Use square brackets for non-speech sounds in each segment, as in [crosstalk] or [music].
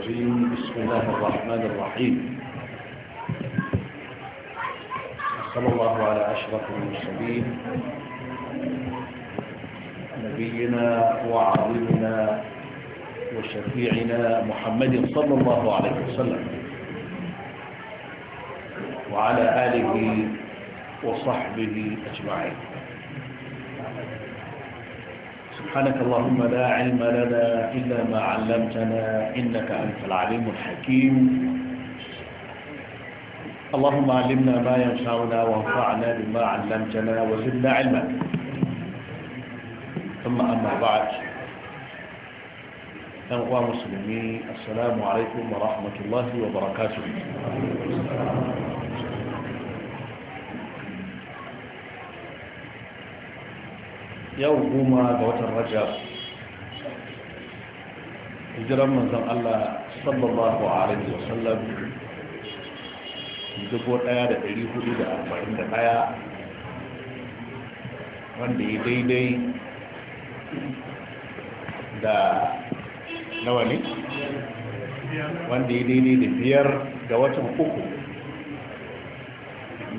الرجيم بسم الله الرحمن الرحيم صلى الله على أشرف المرسلين نبينا وعظيمنا وشفيعنا محمد صلى الله عليه وسلم وعلى آله وصحبه أجمعين سبحانك اللهم لا علم لنا إلا ما علمتنا إنك أنت العليم الحكيم اللهم علمنا ما ينفعنا وانفعنا بما علمتنا وزدنا علما ثم أما بعد أخوة مسلمين السلام عليكم ورحمة الله وبركاته yau goma ga watan rajab hijiran manzon Allah sallallahu alaihi wa sallam dubu ɗaya da dari hudu da arba'in da ɗaya wanda ya daidai da nawa ne wanda ya daidai da biyar ga watan uku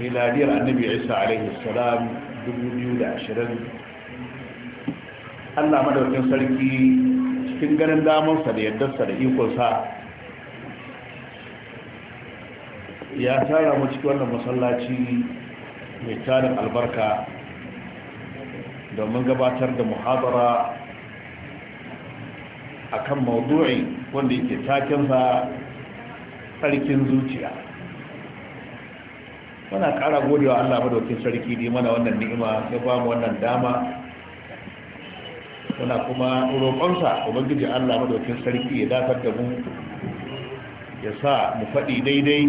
miladiyar annabi isa alaihi salam dubu biyu da ashirin Allah madaukin sarki cikin ganin damarsa da yaddarsa da ikonsa ya tara mu cikin wannan masallaci mai tarin albarka domin gabatar da muhabara akan maudu'i wanda yake takinsa sarkin zuciya muna ƙara godewa Allah madaukin sarki ne mana wannan ni'ima ya ba mu wannan dama muna kuma roƙonsa ubangiji allah madaukin sarki ya dafar da mu ya sa mu faɗi daidai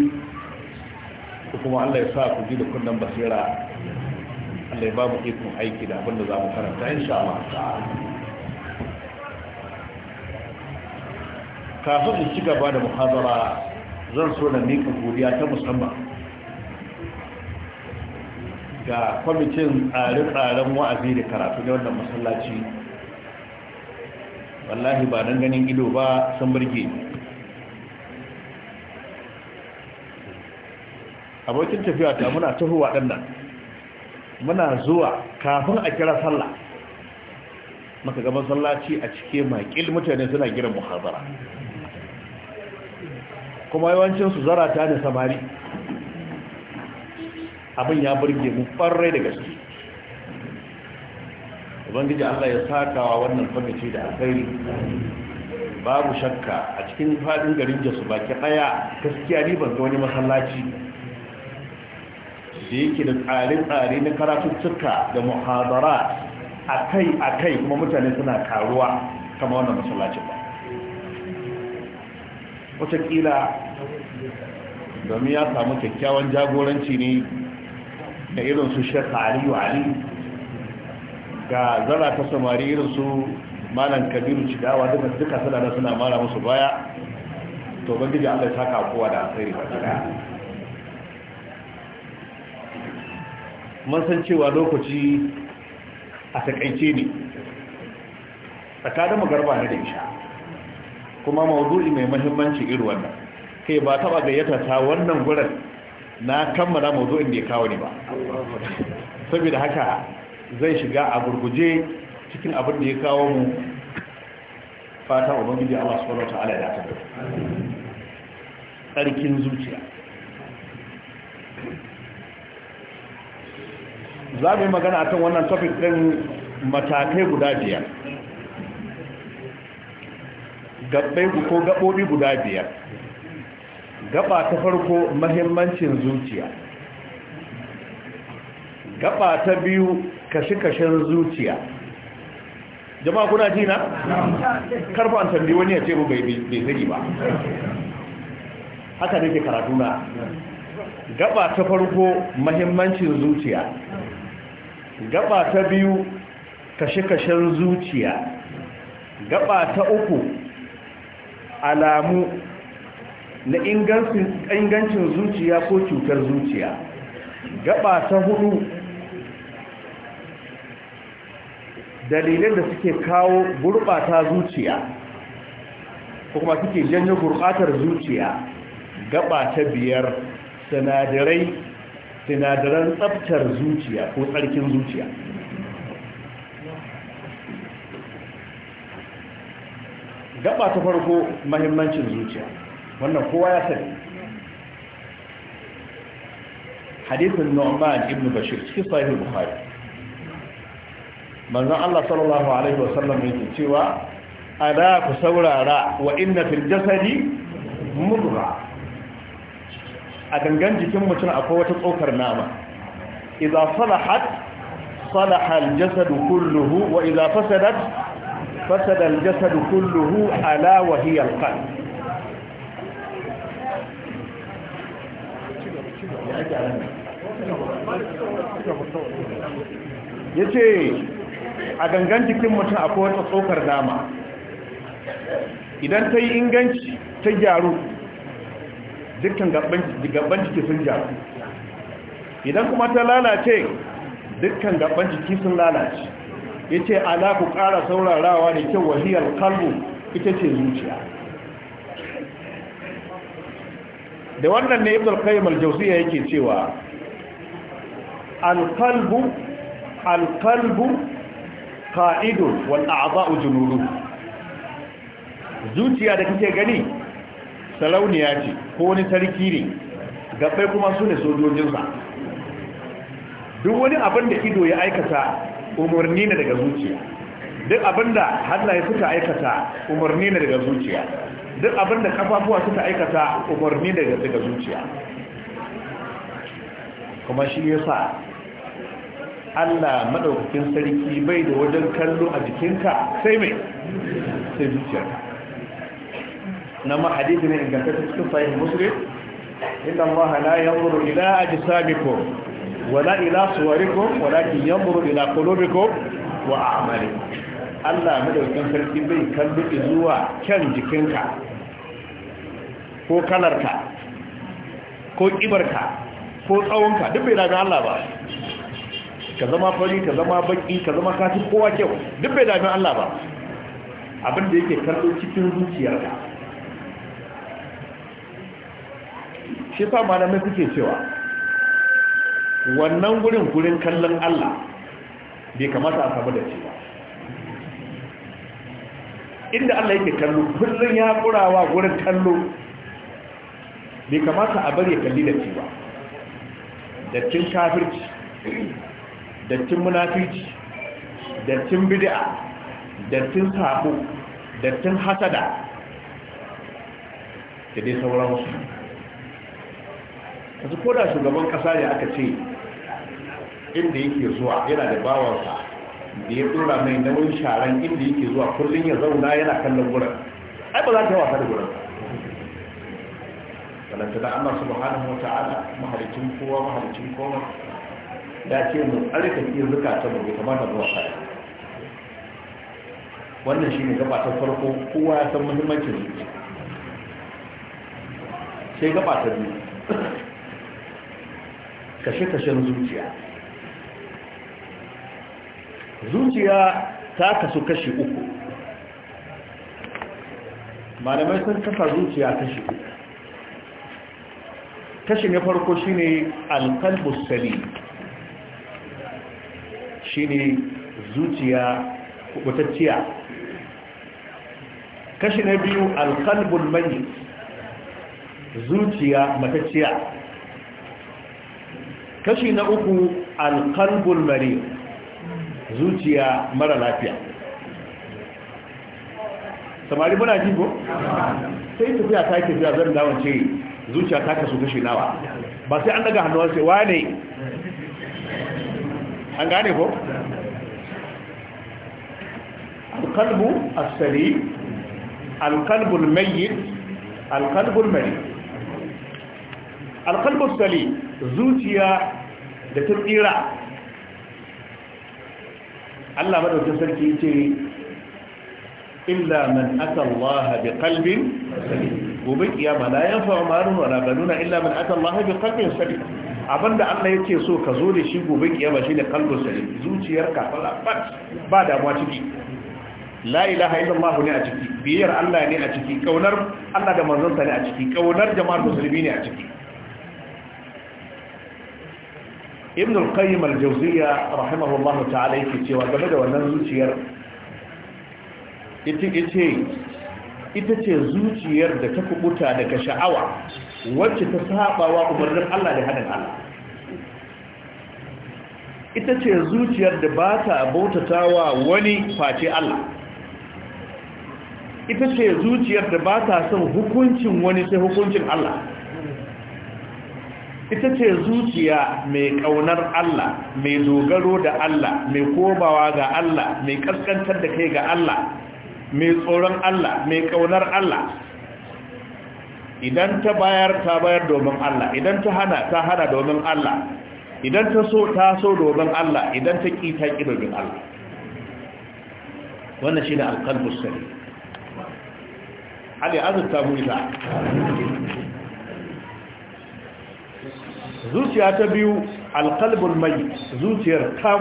kuma allah ya sa ku ji da kunnen basira allah ya ba mu ikon aiki da abinda za mu karanta insha Allah kafin su ci gaba da muhazara zan so na miƙa godiya ta musamman ga kwamitin tsare-tsaren wa'azi da karatu na wannan masallaci wallahi ba don ganin ido ba sun birge abokin tafiya ta muna tahowa ɗannan muna zuwa kafin a kira sallah maka gaban sallaci a cike makil mutane suna girin muhazara kuma yawancinsu zarata da samari abin ya burge mu ɓarrai da gaske ubangiji Allah ya sakawa wannan kwamiti da alkhairi babu shakka a cikin fadin garin jasu baki daya gaskiya ni ban ga wani masallaci da yake da tsare-tsare na karatuttuka da muhadara akai-akai kuma mutane suna karuwa kama wannan masallaci ba Wataƙila domin ya samu kyakkyawan jagoranci ne da irin su shekha aliyu Ali. ga zara ta samari irin su malam kabiru cidawa duka duka da suna mara musu baya to bangiji allah ya saka kowa da asiri ba ta mun san cewa lokaci a takaice ne tsakanin magarba na da kuma mawudu'i mai mahimmanci iri wannan kai ba taba gayyata ta wannan gurin na kammala mawudu'in da ya kawo ne ba saboda haka zai shiga a gurguje cikin abin da ya kawo mu fata wa ubangiji Allah subhanahu ala ya tabbata tsarkin zuciya za mu yi magana a kan wannan topic ɗin matakai guda biyar gabbai ko gabobi guda biyar gaba ta farko mahimmancin zuciya gaba ta biyu kashe-kashen zuciya jama'a kuna ji na? karfa an tambi wani ya ce bai zai ba haka nake karatu na gaba ta farko mahimmancin zuciya gaba ta biyu kashe-kashen zuciya gaba ta uku alamu na ingancin zuciya ko cutar zuciya gaba ta hudu Dalilin da suke kawo gurɓata zuciya ko kuma suke janyo gurɓatar zuciya gaba ta biyar sinadarai sinadaran tsabtar zuciya ko tsarkin zuciya gaba ta farko mahimmancin zuciya wannan kowa ya sani hadithin nu'man ibn bashir cikin sahih bukhari manzon Allah sallallahu alaihi wasallam yake cewa ada ku saurara wa inna fil jasadi mudra a gangan jikin mutum akwai wata tsokar nama idza salahat salaha al jasad kulluhu wa idza fasadat fasada al jasad kulluhu ala wa hiya al qalb yace a gangan jikin mutum a wata tsokar dama idan ta yi inganci ta gyaru dukkan gaban jiki sun gyaru idan kuma ta lalace dukkan gaban jiki sun lalace ya ce ala ku ƙara saurarawa da kyau wahiyar kalbu ita ce zuciya da wannan ne ibn al Jausiya jawziyya yake cewa al-qalbu qa'idun wal a'dha'u junudu zuciya da kake gani salauniya ce ko wani sarki ne gabbai kuma su ne sojojinsa duk wani abin da ido ya aikata umarni ne daga zuciya duk abin da hannaye suka aikata umarni ne daga zuciya duk abin da kafafuwa suka aikata umarni ne daga zuciya kuma shi yasa Allah madaukakin sarki bai da wajen kallo a jikinka sai mai sai zuciya na ma hadisi ne ingantaccen cikin sahih muslim inna Allah la yanzuru ila ajsamikum wala ila suwarikum walakin yanzuru ila qulubikum wa a'malikum Allah madaukakin sarki bai kallo zuwa kyan jikinka ko kalarka ko kibarka ko tsawonka duk bai daga Allah ba ka zama fari ka zama baki ka zama kafi kowa kyau duk bai dami Allah ba abin da yake kallo cikin ka shi sa malamai suke cewa wannan gurin gurin kallon Allah bai kamata a samu da shi inda Allah yake kallo kullum ya kurawa gurin kallo bai kamata a bari ya kalli da shi ba cin kafirci dattin munafici dattin bid'a dattin sabo dattin hasada da dai sauransu a ko da shugaban kasa ne aka ce inda yake zuwa yana da bawansa da ya dora mai nauyin sharan inda yake zuwa kullum ya zauna yana kallon wurin, ai ba za ta wasa da wurin. balanta da Allah subhanahu wa ta'ala mahalicin kowa mahalicin kowa ya ce mu tsarkake zukata mu bai kamata zuwa kaya wannan shi ne gaba ta farko kowa ya san muhimmancin zuciya sai gaba ta biyu kashe-kashen zuciya zuciya ta kasu kashi uku malamai sun kafa zuciya kashi uku kashi na farko shine alkalbus salim shine zuciya kubutacciya kashi na biyu alqalbul mayyit zuciya matacciya kashi na uku alqalbul mari zuciya mara lafiya samari muna ji ko sai tafiya ta ke tafiya zan dawon ce zuciya ta kasu kashi nawa ba sai an daga hannuwa sai wane an gane ko alkalbu asali alkalbul mai, alkalbul mayyit alkalbul sali zuciya da ta tsira Allah madaukin sarki ce illa man ata Allah bi qalbin gobe kiyama la yanfa'u malun wala ganuna illa man ata Allah bi qalbin salim abinda Allah yake so ka zo da shi gobe kiyama shine qalbun salim zuciyarka fala ba damuwa ciki la ilaha illallah ne a ciki biyar Allah ne a ciki kaunar Allah da manzonsa ne a ciki kaunar jama'ar musulmi ne a ciki ibn al-qayyim al-jawziyya rahimahullah ta'ala yake cewa game da wannan zuciyar ita ce zuciyar da ta kubuta daga sha'awa wacce ta wa umarnin Allah da hadin Allah ita ce zuciyar da ba ta bautatawa wani face Allah ita ce zuciyar da ba ta son hukuncin wani sai hukuncin Allah ita ce zuciya mai kaunar Allah mai dogaro da Allah mai kobawa ga Allah mai kaskantar da kai ga Allah mai tsoron Allah mai kaunar Allah idan ta bayar ta bayar domin Allah idan ta hana ta hana domin Allah idan ta so ta so domin Allah idan ta ki ta ki domin Allah wannan shi ne alƙalbus sani Ali azurta mu zuciya ta biyu alƙalbul mai zuciyar ta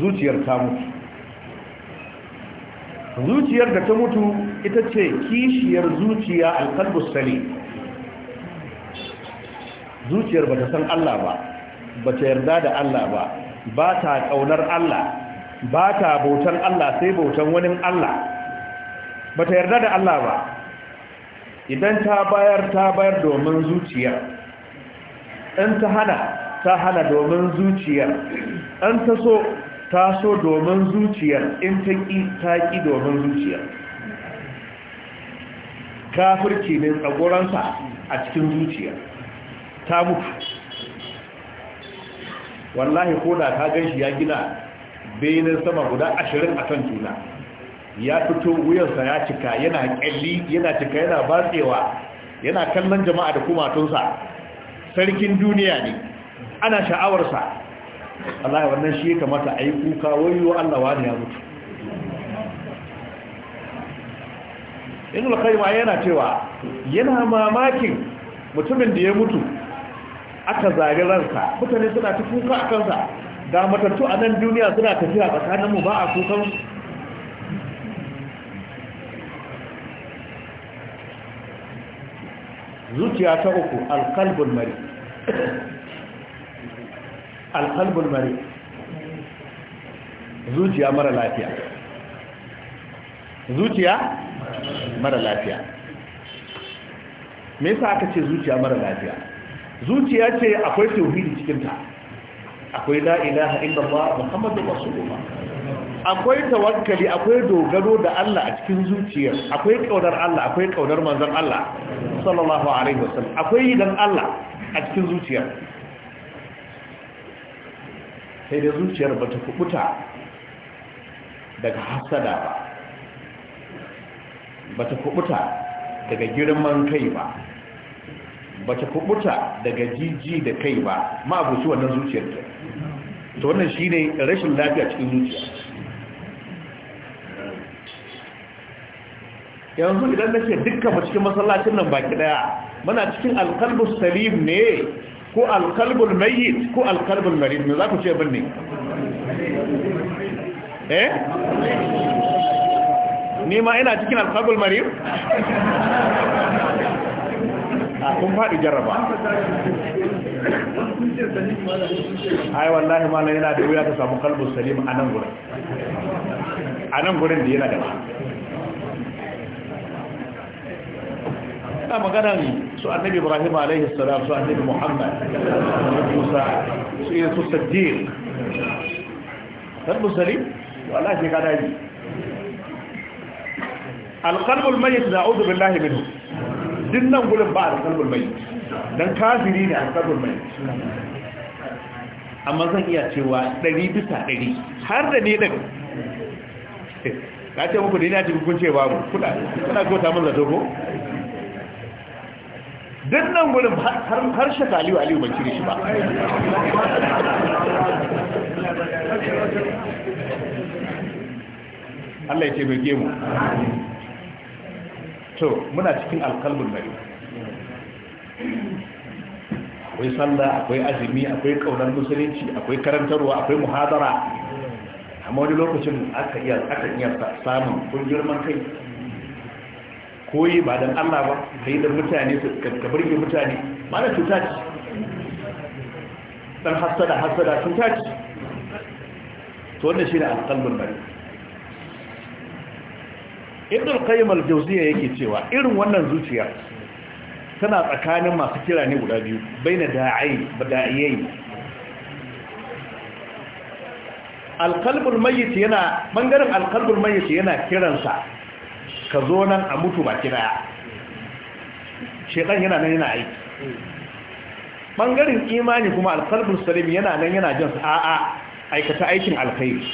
zuciyar ta mutu zuciyar da ta mutu ita ce kishiyar zuciya alkalbus sani zuciyar ba ta san Allah ba ba ta yarda da Allah ba ba ta ƙaunar Allah ba ta bautan Allah sai bautan wani Allah ba ta yarda da Allah ba idan ta bayar ta bayar domin zuciya. in ta hana ta hana domin zuciya in ta so ta so domin zuciyar in ta ƙi ta ƙi domin zuciyar kafirci ne tsagoransa a cikin zuciyar. ta mutu wallahi ko da ta ganshi, ya gina benin sama guda ashirin akan kan juna ya fito wuyansa ya cika yana kyalli yana cika yana batsewa yana kallon jama'a da kumatunsa sarkin duniya ne ana sha'awarsa Allah wannan shi ya kamata a yi kuka wayo Allah wani ya mutu ibn al-qayyim yana cewa yana mamakin mutumin da ya mutu aka zage ranka. mutane suna ta kuka a kansa da matattu a nan duniya suna tafiya tsakanin mu ba a kukan zuciya ta uku alkalbul mari alkalbul mari zuciya mara lafiya zuciya mara lafiya me yasa aka ce zuciya mara lafiya zuciya ce akwai tauhidi cikinta akwai la ilaha illallah muhammadu rasulullah akwai tawakkali akwai dogaro da Allah a cikin zuciyar akwai kaunar Allah akwai kaunar manzon Allah sallallahu alaihi wasallam akwai dan Allah a cikin zuciyar sai da zuciyar ba ta kubuta daga hasada ba ba ta kubuta daga girman kai ba ba ta kubuta daga jiji da kai ba ma abuci wannan zuciyar ta to wannan shi ne rashin lafiya cikin zuciya yanzu idan na ce dukkan cikin masallacin nan baki daya muna cikin alkalbus salim ne ko alkalbul mayyit ko alkalbul marid ne za ku ce binne eh ni ma ina cikin alkalbul marid a ah, kun faɗi jarraba ai wallahi ma yana da wuya ta samu kalbul salim a nan gurin a nan gurin da yana da ina magana ne su annabi ibrahim alaihi salam su annabi muhammad musa su yi su sajjir dan musalim wala shi kada yi alqalbul mayyit na'udhu billahi minhu dinnan gurin ba alqalbul mai, dan kafiri ne alqalbul mai. amma zan iya cewa ɗari bisa ɗari har da ne ɗin ka ce muku da ina cikin kun ce babu kuna kuna kota mun zato ko Duk nan gudun har shaka aliyu aliyu ban cire shi ba Allah ya ce bege mu to muna cikin alkalmin bari akwai sallah akwai azumi akwai kaunar musulunci akwai karantarwa akwai muhadara amma wani lokacin aka iya samun kun girman kai koyi ba dan Allah ba sai da mutane su ka burge mutane mana cuta ce dan hasada hasada cuta ce to wannan shine alqalbul bari ibn al-qayyim al-jawziyya yake cewa irin wannan zuciya tana tsakanin masu kira ne guda biyu baina da'i bada'iyai alqalbul mayyit yana bangaren alqalbul mayyit yana kiransa ka zo nan a mutu baki daya shekan yana nan yana aiki ɓangaren imani kuma alkalbin salim yana nan yana jin a'a aikata aikin alkhairi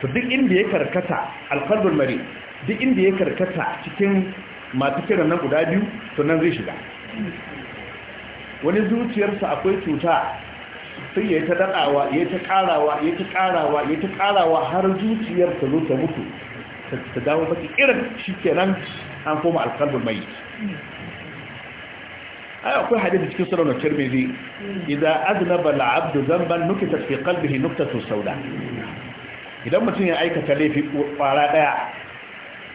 to duk inda ya karkata alkalbin mari duk inda ya karkata cikin masu kira nan guda biyu to nan zai shiga wani zuciyarsa akwai cuta sai ya ta daɗawa ya ta ƙarawa ya ta ƙarawa ya ta ƙarawa har zuciyarsa zo ta mutu ta dawo baki irin shi kenan an koma alkalbul mai ai akwai hadisi cikin sunan tirmidhi idan aznaba al'abdu zamban nukita fi qalbihi nuktatu idan mutum ya aikata laifi kwara daya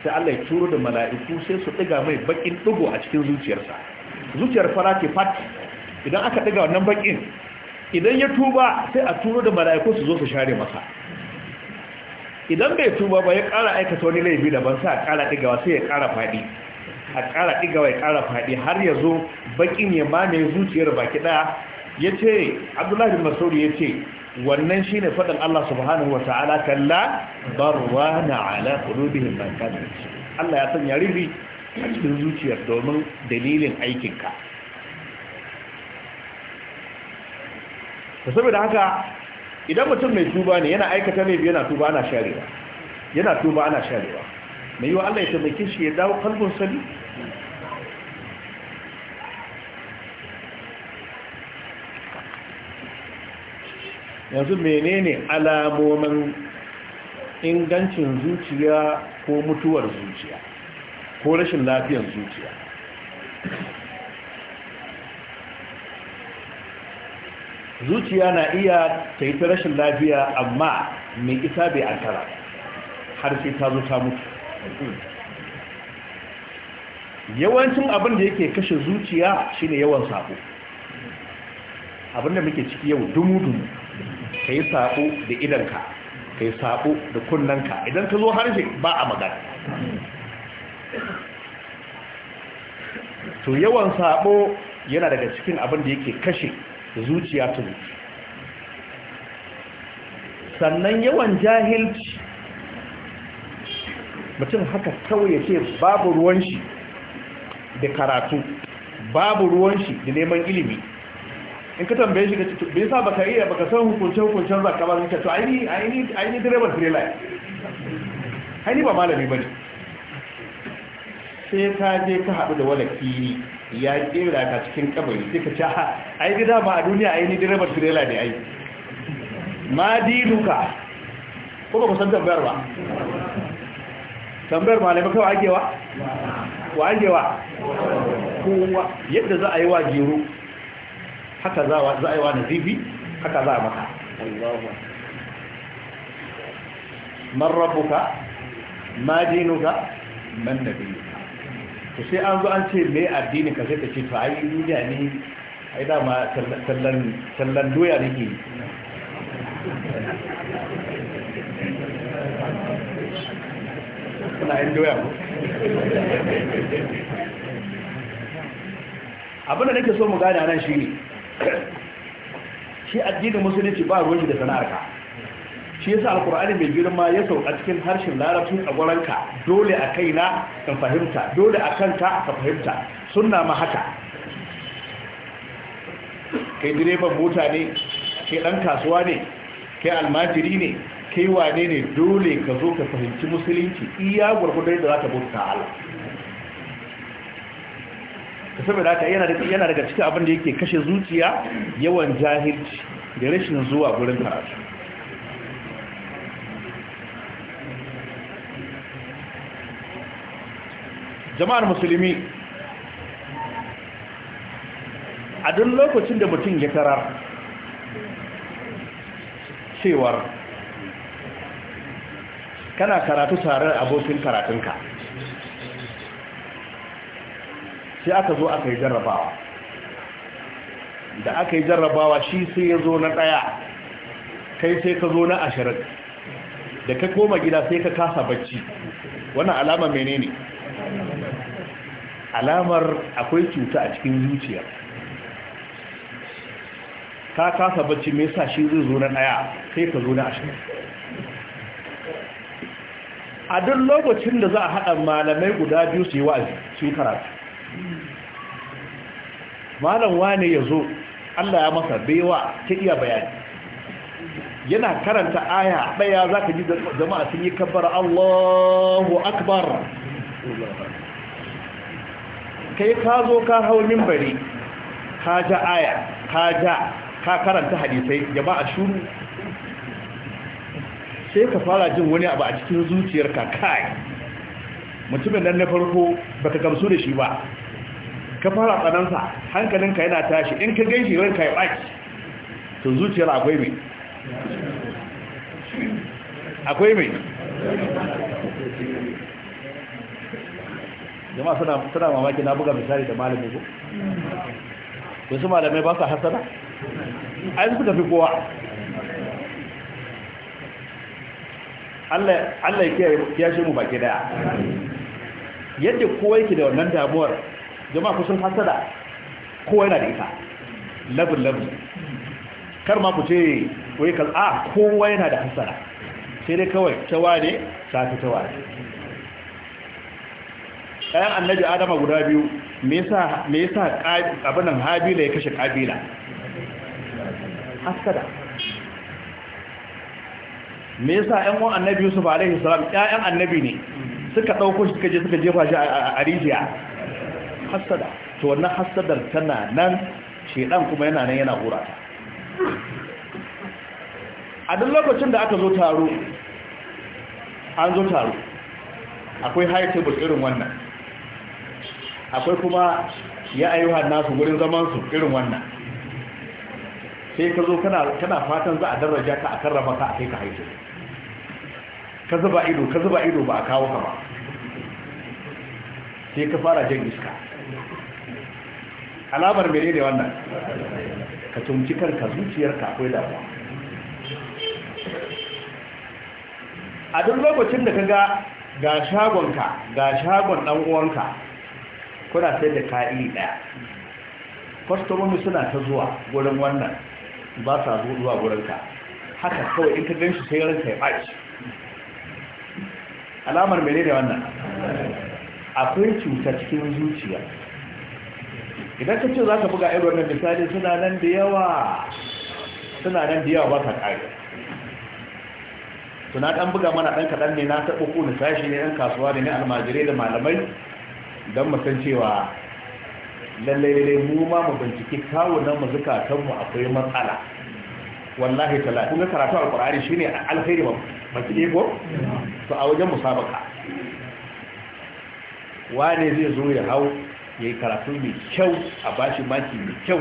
sai Allah ya turo da mala'iku sai su diga mai bakin digo a cikin zuciyarsa zuciyar fara ke fat idan aka diga wannan bakin idan ya tuba sai a turo da mala'iku su zo su share masa idan bai tuba ba ya ƙara aikata wani laifi daban sa. a ƙara digawa sai ya ƙara faɗi a ƙara digawa ya ƙara faɗi har ya zo baƙin ya mai zuciyar baki ɗaya ya ce abdullahi masauri ya ce wannan shi ne faɗin allah subhanahu wa ta'ala kalla barwa na ala ƙulubihin man allah ya sanya ribi a cikin zuciyar domin dalilin aikinka saboda haka idan mutum mai tuba ne yana aikata ne yana tuba ana sharewa yana tuba ana sharewa mai yiwa Allah ya taimake shi ya dawo kalbin sali yanzu menene alamomin ingancin zuciya ko mutuwar zuciya ko rashin lafiyar zuciya zuciya na iya ta yi ta rashin lafiya amma mai isa bai an tara har sai ta zo ta mutu yawancin abin da yake kashe zuciya shine yawan sako abinda muke ciki yau dumu-dumu ka yi sako da idanka ka yi sako da kunnanka idan ka zo harshe ba a magana to yawan sako yana daga cikin abin da yake kashe zuciya ta zuci sannan yawan jahilci mutum haka kawai ya ce babu ruwan shi da karatu babu ruwan shi da neman ilimi in ka tambaye shi ka bai sa baka iya baka san hukuncen hukuncen ka ba zaka to ainihin aini aini direban trailer aini ba malami ba ne. sai ka je ka haɗu da wadda kiri ya kera ka cikin kabari sai ka ce ai gida ma a duniya ai ni direbar tirela ne ai ma duka ko ba ku san tambayar ba tambayar malamai kawai agewa wa agewa kowa yadda za a yi wa gero haka za a yi wa nazifi haka za a maka man rabbuka ma dinuka man nabi to sai an zo an ce me addini ka sai ka ce to ai duniya ne ai dama sallan sallan doya nake kuna yin doya ko abin da nake so mu gane nan shi ne shi addinin musulunci ba ruwan shi da sana'arka shi yasa alkur'ani mai girma ya sauka cikin harshen larabci a gwaranka dole a kaina ka fahimta dole a kanka ka fahimta sunna ma haka kai direban mota ne kai dan kasuwa ne kai almajiri ne kai wane ne dole ka zo ka fahimci musulunci iya gwargwadon da za ta bauta Allah ka saboda haka yana daga cikin abin da yake kashe zuciya yawan jahilci da rashin zuwa gurin karatu jama'ar musulmi a duk lokacin da mutum ya tarar cewar kana karatu tare da abokin karatunka sai aka zo aka yi jarrabawa da aka yi jarrabawa shi sai ya zo na ɗaya kai sai ka zo na ashirin da ka koma gida sai ka kasa bacci wannan alama menene ne alamar akwai cuta a cikin zuciya ka kasa bacci me yasa shi zai zo na daya sai ka zo na ashirin a duk lokacin da za a haɗa malamai guda biyu su yi wa'azi su karatu malam wane ya zo allah ya masa baiwa ta iya bayani yana karanta aya ɗaya za ka ji jama'a sun yi kabbar allahu akbar kai ka zo ka hau mimbari ka ja aya ka ja ka karanta hadisai jama'a shuru sai ka fara jin wani abu a cikin zuciyarka kai mutumin nan na farko baka gamsu da shi ba ka fara tsanansa hankalinka yana tashi in ka ganshi ranka ya baki to zuciyar akwai mai akwai mai jama'a suna mamaki na buga misali da malami ko wasu malamai ba su hasada ai suka fi kowa Allah Allah ya kiyaye mu baki daya yadda kowa yake da wannan damuwar jama'a kusan hasada kowa yana da ita labin labin kar ma ku ce wai kal'a, a ah, kowa yana da hasada sai dai kawai tawa ne ta fi tawa ne ɗayan annabi adama guda biyu me yasa me yasa abinan habila ya kashe kabila hasada me yasa ƴan wani annabi yusuf alaihi salam ƴaƴan annabi ne suka ɗauko shi suka je suka jefa shi a rijiya hasada to wannan hasadar tana nan shedan kuma yana nan yana hura a duk lokacin da aka zo taro an zo taro akwai high table irin wannan akwai kuma ya ayyuhan nasu gurin zaman su irin wannan sai ka zo kana fatan za a daraja ka a karrama ka a kai ka haihu ka zuba ido ka zuba ido ba a kawo ka ba sai ka fara jan iska alamar mene ne wannan ka tunci kanka zuciyarka akwai damuwa a duk lokacin da ka ga shagonka ga shagon ɗan uwanka kuna sai da ka'i ɗaya kwastomomi suna ta zuwa wurin wannan ba sa zuwa wurin ka haka kawai in ka ganshi sai ranka ya ɓaci alamar mene da wannan akwai cuta cikin zuciya idan ka ce za ka buga irin wannan misali suna nan da yawa suna nan da yawa ba sa ƙari suna ɗan buga mana ɗan kaɗan ne na taɓa ku na sashi ne ɗan kasuwa ne na almajirai da malamai don mu san cewa lallai mu ma mu binciki nan mu zukatanmu akwai matsala wallahi tala kun ga karatu alqur'ani shine alkhairi mafi ego to a wajen musabaka wane zai zo ya hau ya yi karatu mai kyau a bashi maki mai kyau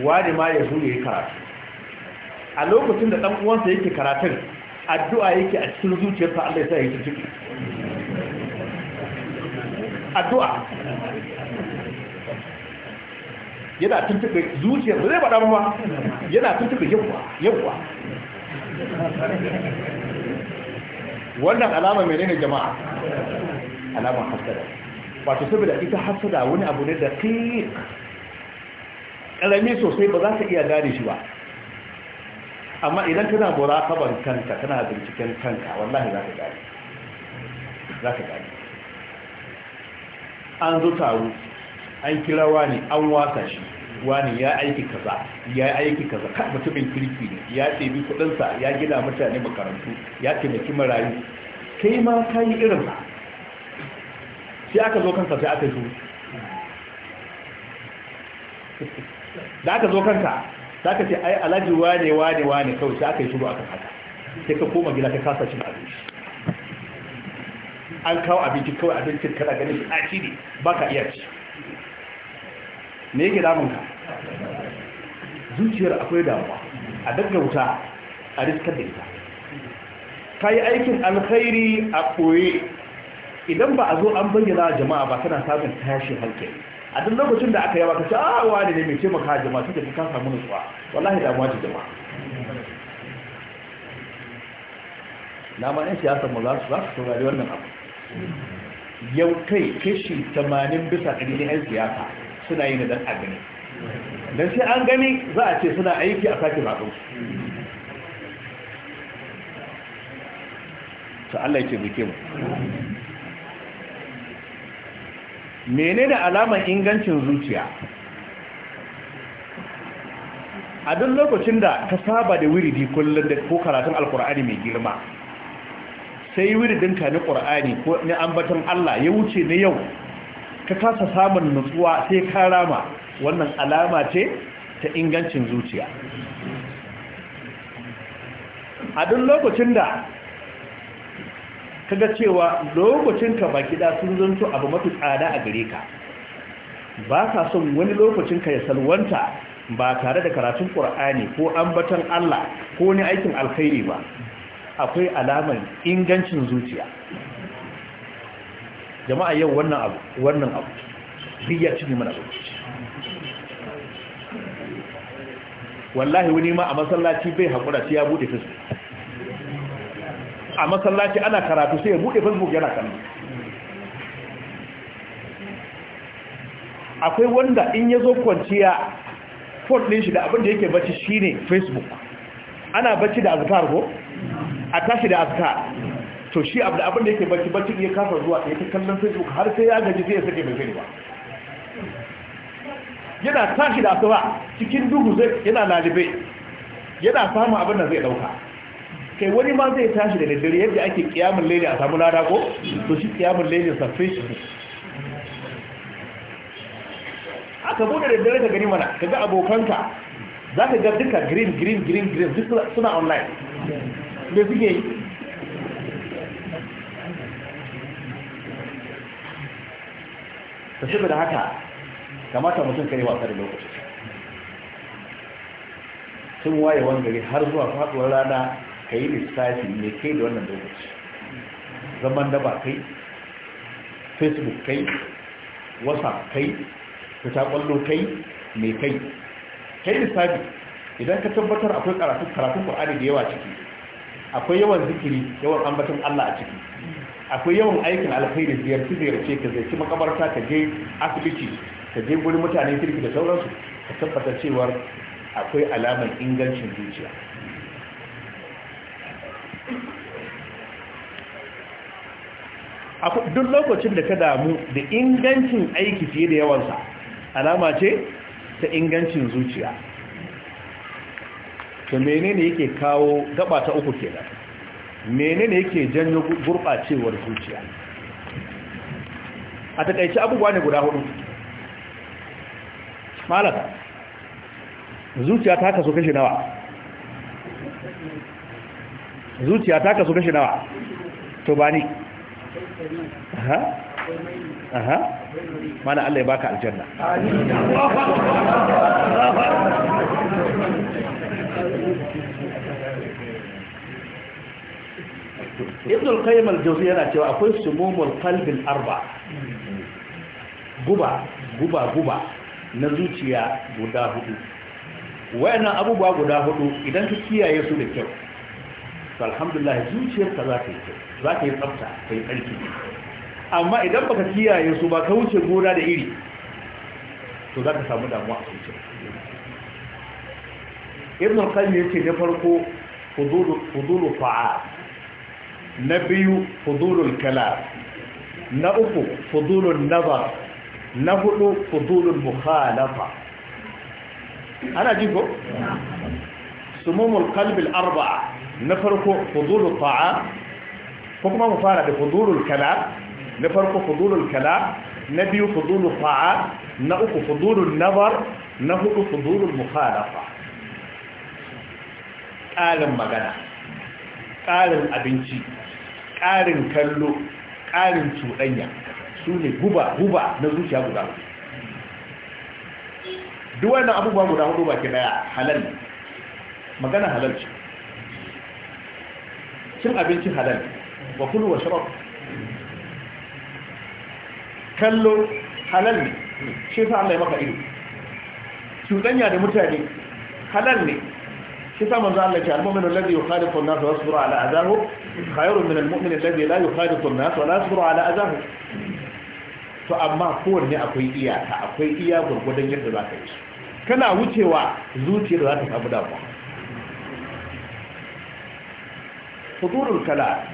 wane ma ya zo ya yi karatu a lokacin da ɗan uwansa yake karatun addu'a yake a cikin zuciyarsa Allah ya sa ya ciki addu'a yana tuntuɓe zuciyar ba zai faɗa ba yana tuntuɓe yawwa yawwa wannan alama mai ne jama'a alama hasada wato saboda ita hasada wani abu ne da ƙiƙ ƙarami sosai ba za ka iya gane shi ba amma idan kana kabar kanka kana binciken kanka wallahi za ka gane za ka gane an zo taro an kira wani an wasa shi wani ya aiki kaza ya aiki kaza kan mutumin kirki ne ya ɗebi kudinsa ya gina mutane makarantu ya taimaki marayu kai ma ka yi irin sai aka zo kansa sai aka shuru da aka zo kanka za ka ce ai alhaji wane wane wane kawai sai aka yi shuru aka kata. sai ka koma gida ka kasa cin abinci an kawo abinci kawai abincin kada ganin a ci ne ba ka iya ci ne yake damunka zuciyar akwai damuwa a daggauta a riskar da ita ka yi aikin alkhairi a ɓoye idan ba a zo an bayyana jama'a ba tana samun tashin hankali a duk lokacin da aka yawa ka ce a ah, wani ne mai taimaka jama'a suka fi kan samu nutsuwa wallahi damuwa ce jama'a na ma 'yan siyasar mu za su saurari wannan abu yau kai kashi 80 bisa 100 'yan siyasa suna yi na a gani don sai an gani za a ce suna aiki a sake zaɓen su Allah ce mu mene da alamar ingancin zuciya a duk lokacin da ka saba da wiridi kullum da ko karatun alkur'ani mai girma sai wiridinka na ƙur'ani ko na ambatan Allah ya wuce na yau ka kasa samun nutsuwa sai ka rama wannan alama ce ta ingancin zuciya a duk lokacin da kaga cewa lokacinka ba kiɗa sun zanto abu mafi tsada a gare ka ba ka son wani lokacinka ya salwanta ba tare da karatun ƙur'ani ko ambatan Allah ko ni aikin alkhairi ba akwai alamar ingancin zuciya jama'a yau wannan abu wannan abu biyar cikin mana abu wallahi wani ma a masallaci bai haƙura sai ya buɗe facebook a masallaci ana karatu sai ya buɗe facebook yana kallo akwai wanda in ya zo kwanciya fort ɗin shi da abinda yake bacci shine facebook ana bacci da azkar ko a tashi da aska to shi abu da abin da yake bacci bacci ya kafa zuwa ya ta kallon facebook har sai ya gaji sai ya sake mai sani ba yana tashi da aska cikin duhu zai yana lalibe yana samun abin da zai dauka kai wani ma zai tashi da daddare yadda ake kiyamun lele a samu lada ko to shi kiyamun lele sa facebook aka bude da daddare ka gani mana ka ga abokanka za ka ga duka green green green green duk suna online da suke yi ta da haka kamata mutum kare wasa da lokaci sun waye wani gari har zuwa faɗuwar rana ka yi lissafi mai kai da wannan lokaci zaman da kai facebook kai whatsapp kai fita kwallo kai mai kai kai lissafi idan ka tabbatar akwai karatun karatun ƙwa'ani da yawa ciki akwai yawan zikiri yawan ambaton Allah a ciki akwai yawan aikin alkhairi ziyarci ziyarce ka ziyarci makabarta ka je asibiti ka je gurin mutane kirki da sauransu ka tabbata cewa akwai alamar ingancin zuciya duk lokacin da ka damu da ingancin aiki fiye da yawansa alama ce ta ingancin zuciya to menene yake kawo gaba ta uku kenan menene yake janyo gurbacewar zuciya a takaice abubuwa ne guda hudu malaka zuciya ta kaso kashi nawa zuciya ta kaso kashi nawa to bani ni. aha mana Allah ya baka aljanna ibn al-qayyim al yana cewa akwai sumumul qalbi al-arba guba guba guba na zuciya guda hudu wayannan abubuwa guda hudu idan ka kiyaye su da kyau alhamdulillah zuciyarka za ta yi kyau za ta yi tsafta ta yi tsarki amma idan baka kiyaye su ba ka wuce gona da iri to za ka samu damuwa a cikin Irin al-qayyim yace na farko fudulu fudulu fa'a na biyu fudulul kala, na uku fudulun nazar na hudu fudulul muhalafa. ana ji ko sumumul qalbi al-arba'a na farko fudulu fa'a ko kuma mu fara da fudulul kala. na farko fudulul kala na biyu fudulul fa'a na uku fudulul Nabar, na hudu fudulul mukhalafa ƙarin magana ƙarin abinci ƙarin kallo ƙarin cuɗanya su ne guba guba na zuciya guda hudu duk na abubuwa guda hudu ba ke daya halal magana halal ce cin abinci halal wa kulu wa sharab kallo halal ne shi sa Allah ya maka ido cuɗanya da mutane halal ne shi sa manzo Allah ce al-mu'minu alladhi yukhadifu an-nas wa yasbiru ala adahu khayrun min al-mu'min alladhi la yukhadifu an-nas wa la yasbiru ala adahu to amma kowanne akwai iyaka akwai iya gurgudan yadda za ka yi kana wucewa zuciyar za ta samu damuwa fudulul kala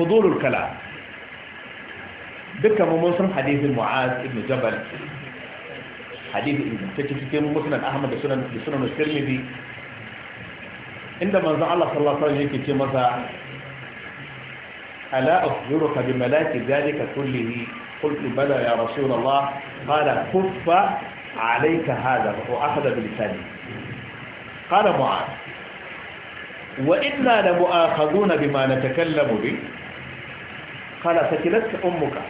fudulul kala dukkan mu mun san hadisin mu'az ibn jabal hadisi ingantacce cikin musnad ahmad da sunan da sunan tirmidhi inda manzo Allah sallallahu alaihi wasallam yake ce masa ala akhbiruka bi malaki zalika kullihi qultu bala ya rasul Allah qala kuffa alayka hadha wa akhadha bi lisani qala mu'ad wa inna la mu'akhaduna bima natakallamu bi qala sakilatka ummuka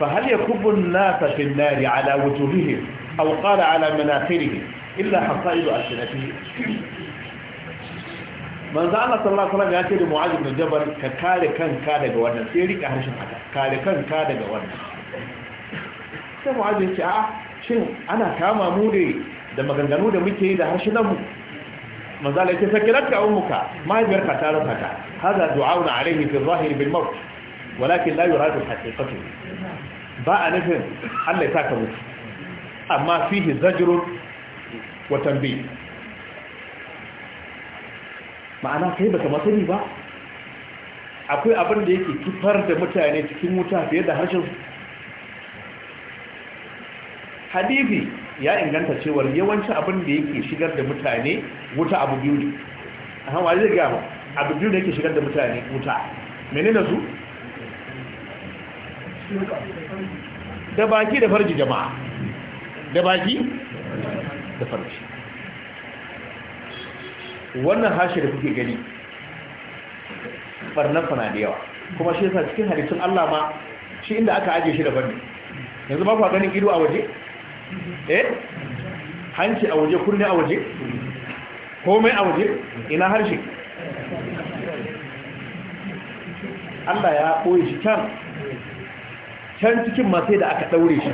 فهل يكب الناس في النار على وجوههم أو قال على مناخرهم إلا حصائد ألسنتهم من زعل صلى الله عليه وسلم يأتي لمعاذ بن جبل ككالي كان كالي جوانا سيريك أهل شمعة كالي كان كالي جوانا سيما معاذ يسعى آه، شين أنا كاما مولي دم غنغنو دم يتيه دهر شنمو من زعل يتسكلتك أمك ما يدرك تارفك هذا دعاون عليه في الظاهر بالموت ولكن لا يراد حقيقته ba a nufin Allah ya saka mutu amma fihi zajirun wa biyu. ma'ana kai baka masani ba akwai abin da yake kifar da mutane cikin wuta fiye da harshen hadisi ya inganta cewar yawancin abin da yake shigar da mutane wuta abu biyu ne a hanwa zai gama abu biyu da yake shigar da mutane wuta menene su da baki da farji jama'a da baki da farji wannan hashe da kuke gani farnan na da yawa kuma shi yasa cikin halittun Allah ma shi inda aka ajiye shi da ne yanzu ba ku ganin ido a waje eh hanci a waje kunne a waje komai a waje ina harshe Allah ya koyi shi can can cikin ma sai da aka daure shi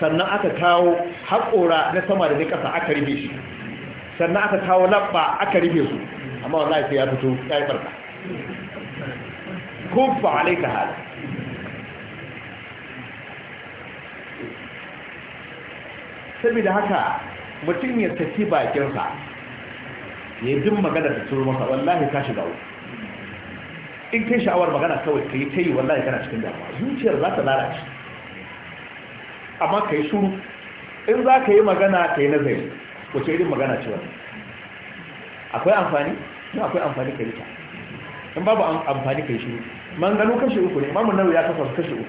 sannan aka kawo haƙora na sama da na ƙasa aka rufe shi sannan aka kawo labba aka rufe su amma wallahi sai ya fito ya yi barka kufa alaika hada saboda haka mutum ya tafi bakinsa ya yi dun magana da turu masa wallahi ka shiga wuce in kai sha'awar magana kawai ka yi ta yi wallahi kana cikin damuwa zuciyar za ta lalace amma ka yi shuru in za ka yi magana ka yi nazari wace irin magana ce wani akwai amfani in akwai amfani ka yi ta in babu amfani ka yi shuru man gano kashe uku ne Mamun nawa ya kafa kashe uku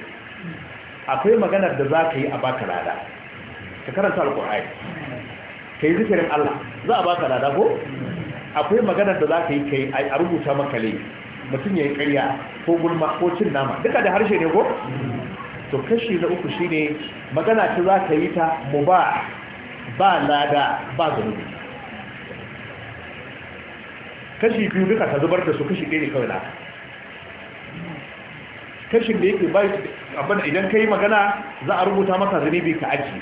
akwai maganar da za ka yi a baka lada ka karanta alkur'ai ka yi zikirin allah za a baka lada ko akwai maganar da za ka yi a rubuta maka laifi mutum ya yi karya ko gulma ko cin nama duka da harshe ne ko to kashi na uku shine magana ta za ka yi ta mu ba ba lada ba zunubi kashi biyu duka ta zubar da su kashi ɗaya ne kawai na kashin da yake bai abin idan ka yi magana za a rubuta maka zunubi ka aji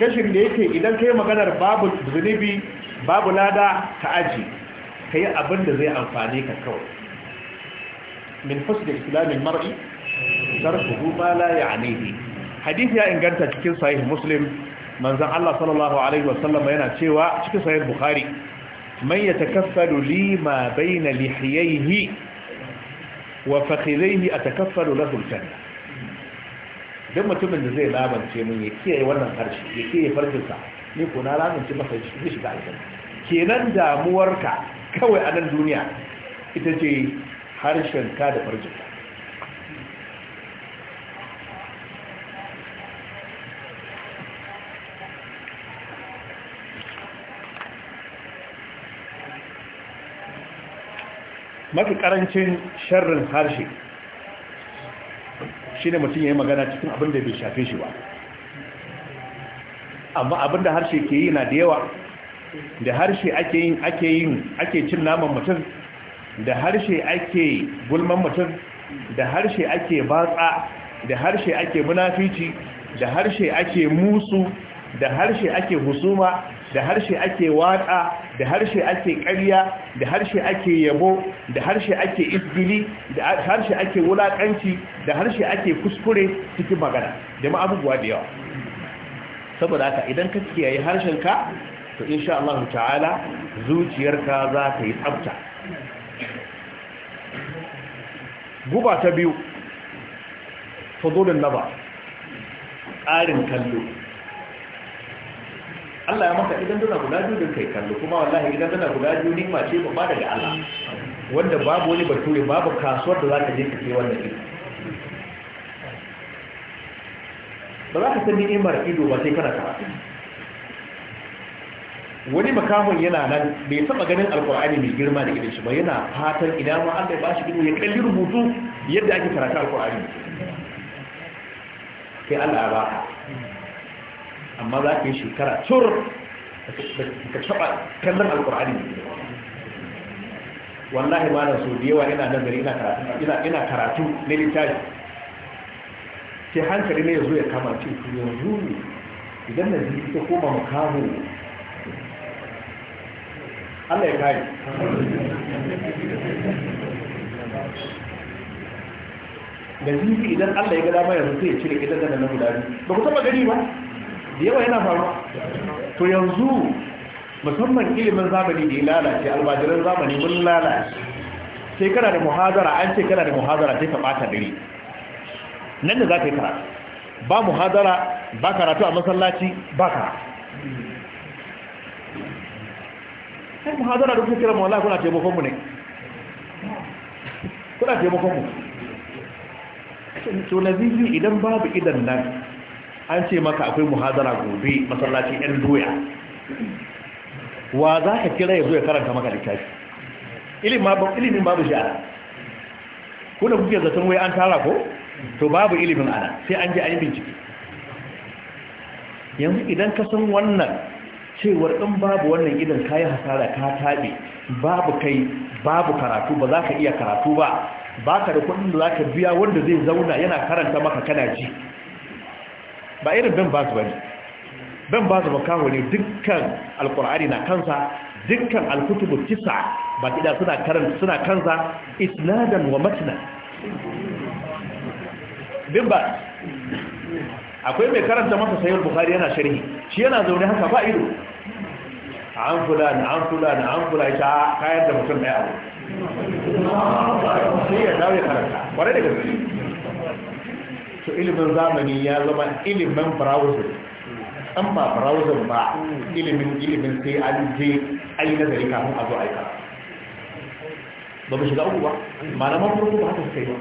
kashin da yake idan ka yi maganar babu zunubi babu lada ka aji ka yi abin da zai amfani ka kawai min husnul islamin mar'i tarkuhu ma la ya'nihi hadisi ya inganta cikin sahih muslim Manzan Allah sallallahu alaihi wasallam yana cewa cikin sahih bukhari man yatakaffalu li ma bayna lihiyaihi wa fakhidhaihi atakaffalu lahu al-jannah duk mutumin da zai labance mun ya kiyaye wannan harshe ya kiyaye farkinsa ni ko na labance masa shi shiga aljanna kenan damuwarka kawai a nan duniya ita ce harshen ta da farjin mafi karancin sharrin harshe shi ne mutum ya yi magana cikin abin bai shafe shi ba amma abin harshe ke yi na da yawa da harshe ake yin ake yin ake cin naman mutum da harshe ake gulman mutum da harshe ake batsa da harshe ake munafici da harshe ake musu da harshe ake husuma da harshe ake waka da harshe ake ƙarya da harshe ake yabo da harshe ake isbili da harshe ake wulakanci da harshe ake kuskure cikin magana da ma abubuwa da yawa saboda haka idan ka kiyaye harshenka to insha Allah ta'ala zuciyarka za ta yi tsabta guba ta biyu fudulun naba ƙarin kallo Allah ya maka idan duna guda biyu kai kallo kuma wallahi idan duna guda biyu ma ce babba daga Allah wanda babu wani baturi babu kasuwar da za ka je ka wannan ido ba za ka san ni'imar ido ba sai kana karatu wani makahon yana nan bai saba ganin alkur'ani mai girma da idan shi ba yana fatan idan ma Allah ya ba shi ya kalli rubutu yadda ake karatu alkur'ani sai Allah ya amma za ka yi shekara tur ka taba kallon alkur'ani mai girma wallahi so da yawa ina nan ina karatu ina karatu na littafi sai hankali ne zo ya kama ce yanzu ne idan na ji ta koma makaho Allah ya kare da zuci idan Allah ya ga dama yanzu sai ya cire ita da nan guda ba ku taba gani ba da yawa yana faru. to yanzu musamman ilimin zamani da ya lalace albajiran zamani mun lalace sai kana da muhazara an ce kana da muhazara sai ka bata dare nan da za ka yi karatu ba muhazara ba karatu a masallaci ba karatu sai mu hazara da kuke kira mu wallahi kuna taimakon mu ne kuna taimakon mu to nazizi idan babu idan nan an ce maka akwai muhazara gobe masallaci yan doya wa za ka kira ya zo ya karanta maka littafi ilimin babu shi ana kuna kuke zaton wai an tara ko to babu ilimin ana sai an je a yi bincike yanzu idan ka san wannan cewar ɗin babu wannan gidan kayan hasara ka taɓe babu kai babu karatu ba za ka iya karatu ba ba ka da kudin da za ka biya wanda zai zauna yana karanta maka kana ji ba irin ben basu ba ne ben basu kawo ne dukkan alkur'ani na kansa dukkan alkutubu kisa ba kida suna suna kansa isnadan wa matna ben ba akwai mai karanta masa sayar Bukhari yana sharhi shi yana zaune haka ba ido an fula na an fula na an fula ita ah, kayan da mutum ɗaya abu sai ya dawo ya karanta kwarai da gaske to ilimin zamani ya zama ilimin browser an ba browser ba ilimin ilimin sai an je an yi nazari kafin a zo aika ba mu shiga uku ba malaman farko ba haka suka yi ba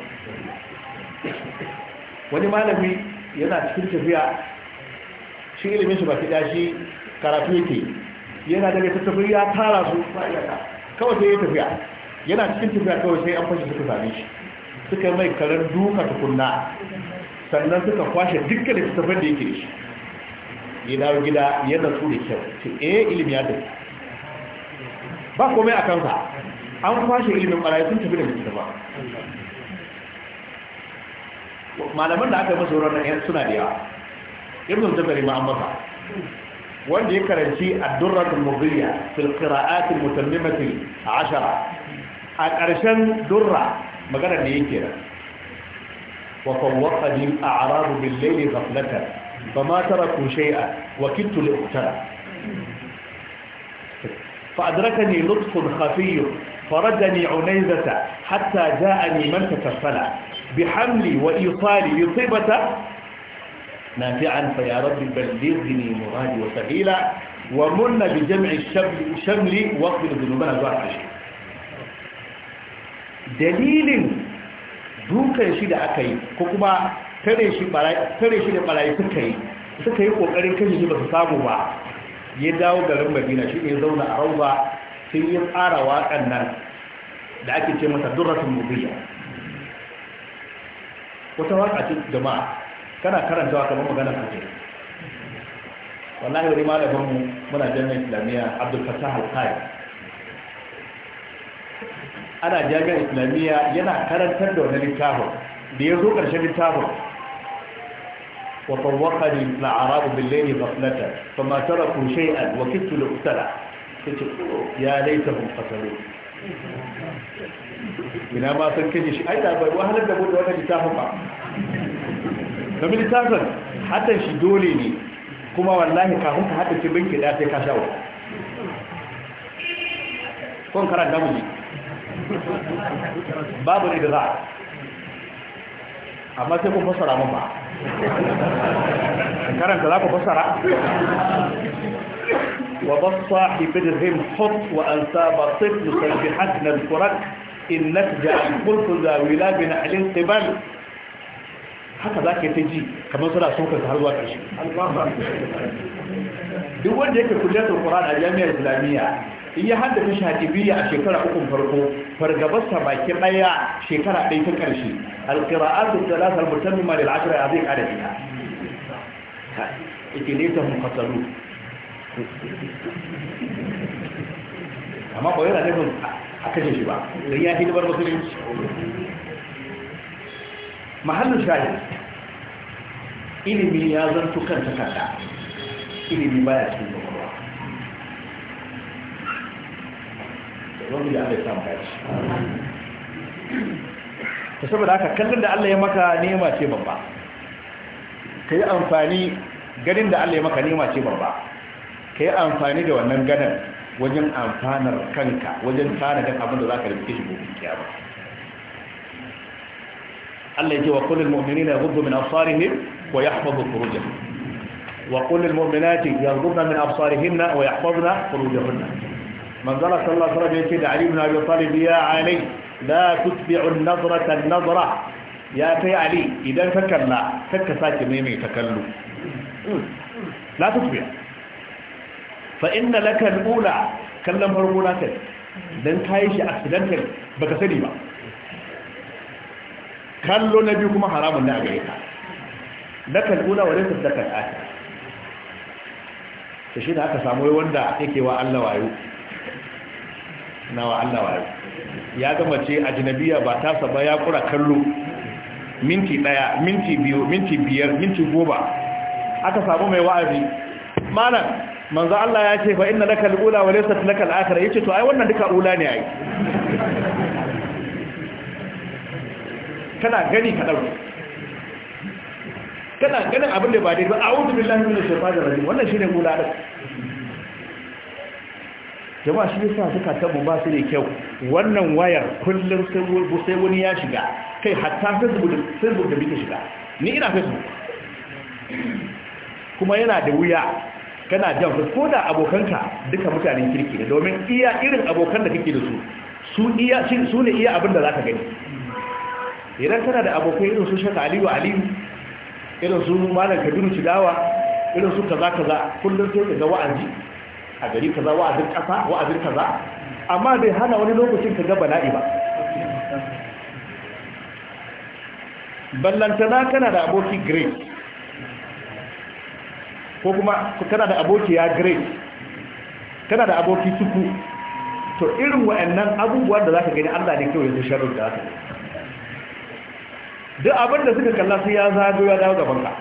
wani malami yana cikin tafiya shi ilimin shi ba fi dashi karatu yake yana daga tattafi ya tara su kawai sai ya tafiya yana cikin tafiya kawai sai an fashe suka same shi suka mai karar duka tukunna sannan suka kwashe dukkan da tattafin da yake shi ya dawo gida yana su da kyau ce eh ilimi ya tafi ba komai a kansa an kwashe ilimin barayi sun tafi da ba malaman da aka masa wurin nan suna da yawa ibn jabari ma amma wanda ya karanci ad-durratul mudhiya fil qira'at al-mutammimati 10 a ƙarshen durra magana da yake da wa qawwaqani a'rab bil layli ghaflatan fama taraku shay'an wa kuntu li'tara uktara fa adrakani lutfun khafiy farajani unayzata hatta ja'ani man takaffala bihamli wa isali bi sibata nafi'an fa ya rabbi ballighni muradi wa sabila wa munna bi jam'i shamli wa qbil zuwa dalilin dukan da aka yi ko kuma tare shi da barayi suka yi suka yi kokarin kashe shi ba su samu ba ya dawo garin madina shi ne zauna a rauba sun yi tsara waƙan nan da ake ce masa durratun mubiya wata waka ce jama'a kana karantawa kamar magana kuke wallahi wani malamin mu muna jami'ar islamiyya abdul fatah al ana jami'ar islamiyya yana karantar da wani littafin da ya zo karshen littafin وطوقني الأعراب بالليل غفلة فما تركوا شيئا وكدت لأبتلع يا ليتهم قتلوا ina ma san kaje shi ai da bai wahalar da bude wannan littafin ba domin littafin hatta shi dole ne kuma wallahi kafin ka haɗa binki da sai ka shawo kon kun da mu babu ne da za amma sai kun fassara mun ba ka za ku fassara وبصاحب الهم حط وأنساب طفل سبحتنا الفرق in natja qultu zawila bi nahlin qibal haka zaka ta ji kamar suna sokar har zuwa karshe duk wanda yake kulliyar Qur'an a jami'ar Islamiyya in ya haddace shatibiya a shekara uku farko fargabarsa baki ɗaya shekara ɗaya ta karshe alqira'atu thalath zai lil ashra azim adadiha ikilaytahum qasalu amma ba yana nufin a kashe shi ba don ya hidimar musulunci mahallin shahi ilimi ya zanto kan takarda ilimi baya cikin kwakwalwa wani da allah ya samu ta saboda haka kallon da allah ya maka nema ce babba ka yi amfani ganin da allah ya maka nema ce babba ka yi amfani da wannan ganin wajen amfanar kanka wajen tanadin abin da za ka rike shi gobe kiyama Allah ya ce wa kullul mu'minina yaghuddu min absarihim wa yahfazu furujahum wa kullul mu'minati yaghuddu min absarihinna wa yahfazna furujahunna manzala sallallahu alaihi wasallam ce da Ali ibn Abi Talib ya Ali la tutbi'u an-nazrata an-nazra ya kai Ali idan ka kalla kakka sake maimaita kallo la tutbi'u fa inna laka ula kallon farko na kai dan kai shi accidental baka sani ba kallo na biyu kuma haramun da gare ka laka ula wa laysa laka al-akhir to shi da aka samu wanda yake wa Allah wayo na wa Allah wayo ya ga mace ajnabiya ba ta saba ya kura kallo minti daya minti biyu minti biyar minti goma aka samu mai wa'azi malam manzo Allah ya ce fa inna laka al-ula wa laysa laka al-akhirah yace to ai wannan duka ula ne ai kana gani ka dauke kana ganin abin da ba dai ba a'udhu billahi minash shaitanir rajim wannan shine ula da jama'a shi yasa suka tabu ba su ne kyau wannan wayar kullum sai wani ya shiga kai hatta facebook da bike shiga ni ina facebook kuma yana da wuya kana jan ko da abokanka duka mutanen kirki ne domin iya irin abokan da kake da su su iya su ne iya abin da za ka gani idan kana da abokai irin su shaka aliyu aliyu irin su malam kabiru cigawa irin su kaza kaza kullum sai ka ga wa'azi a gari kaza wa'azin kasa wa'azin kaza amma bai hana wani lokacin ka ga bala'i ba ballantana kana da aboki great ko kuma tana da aboki ya gire tana da aboki suku to irin wa'annan abubuwan da za ka gani allah ne kawai yanzu sharar da aka duk abin da suka kalla sai ya zago ya dawo gaban ka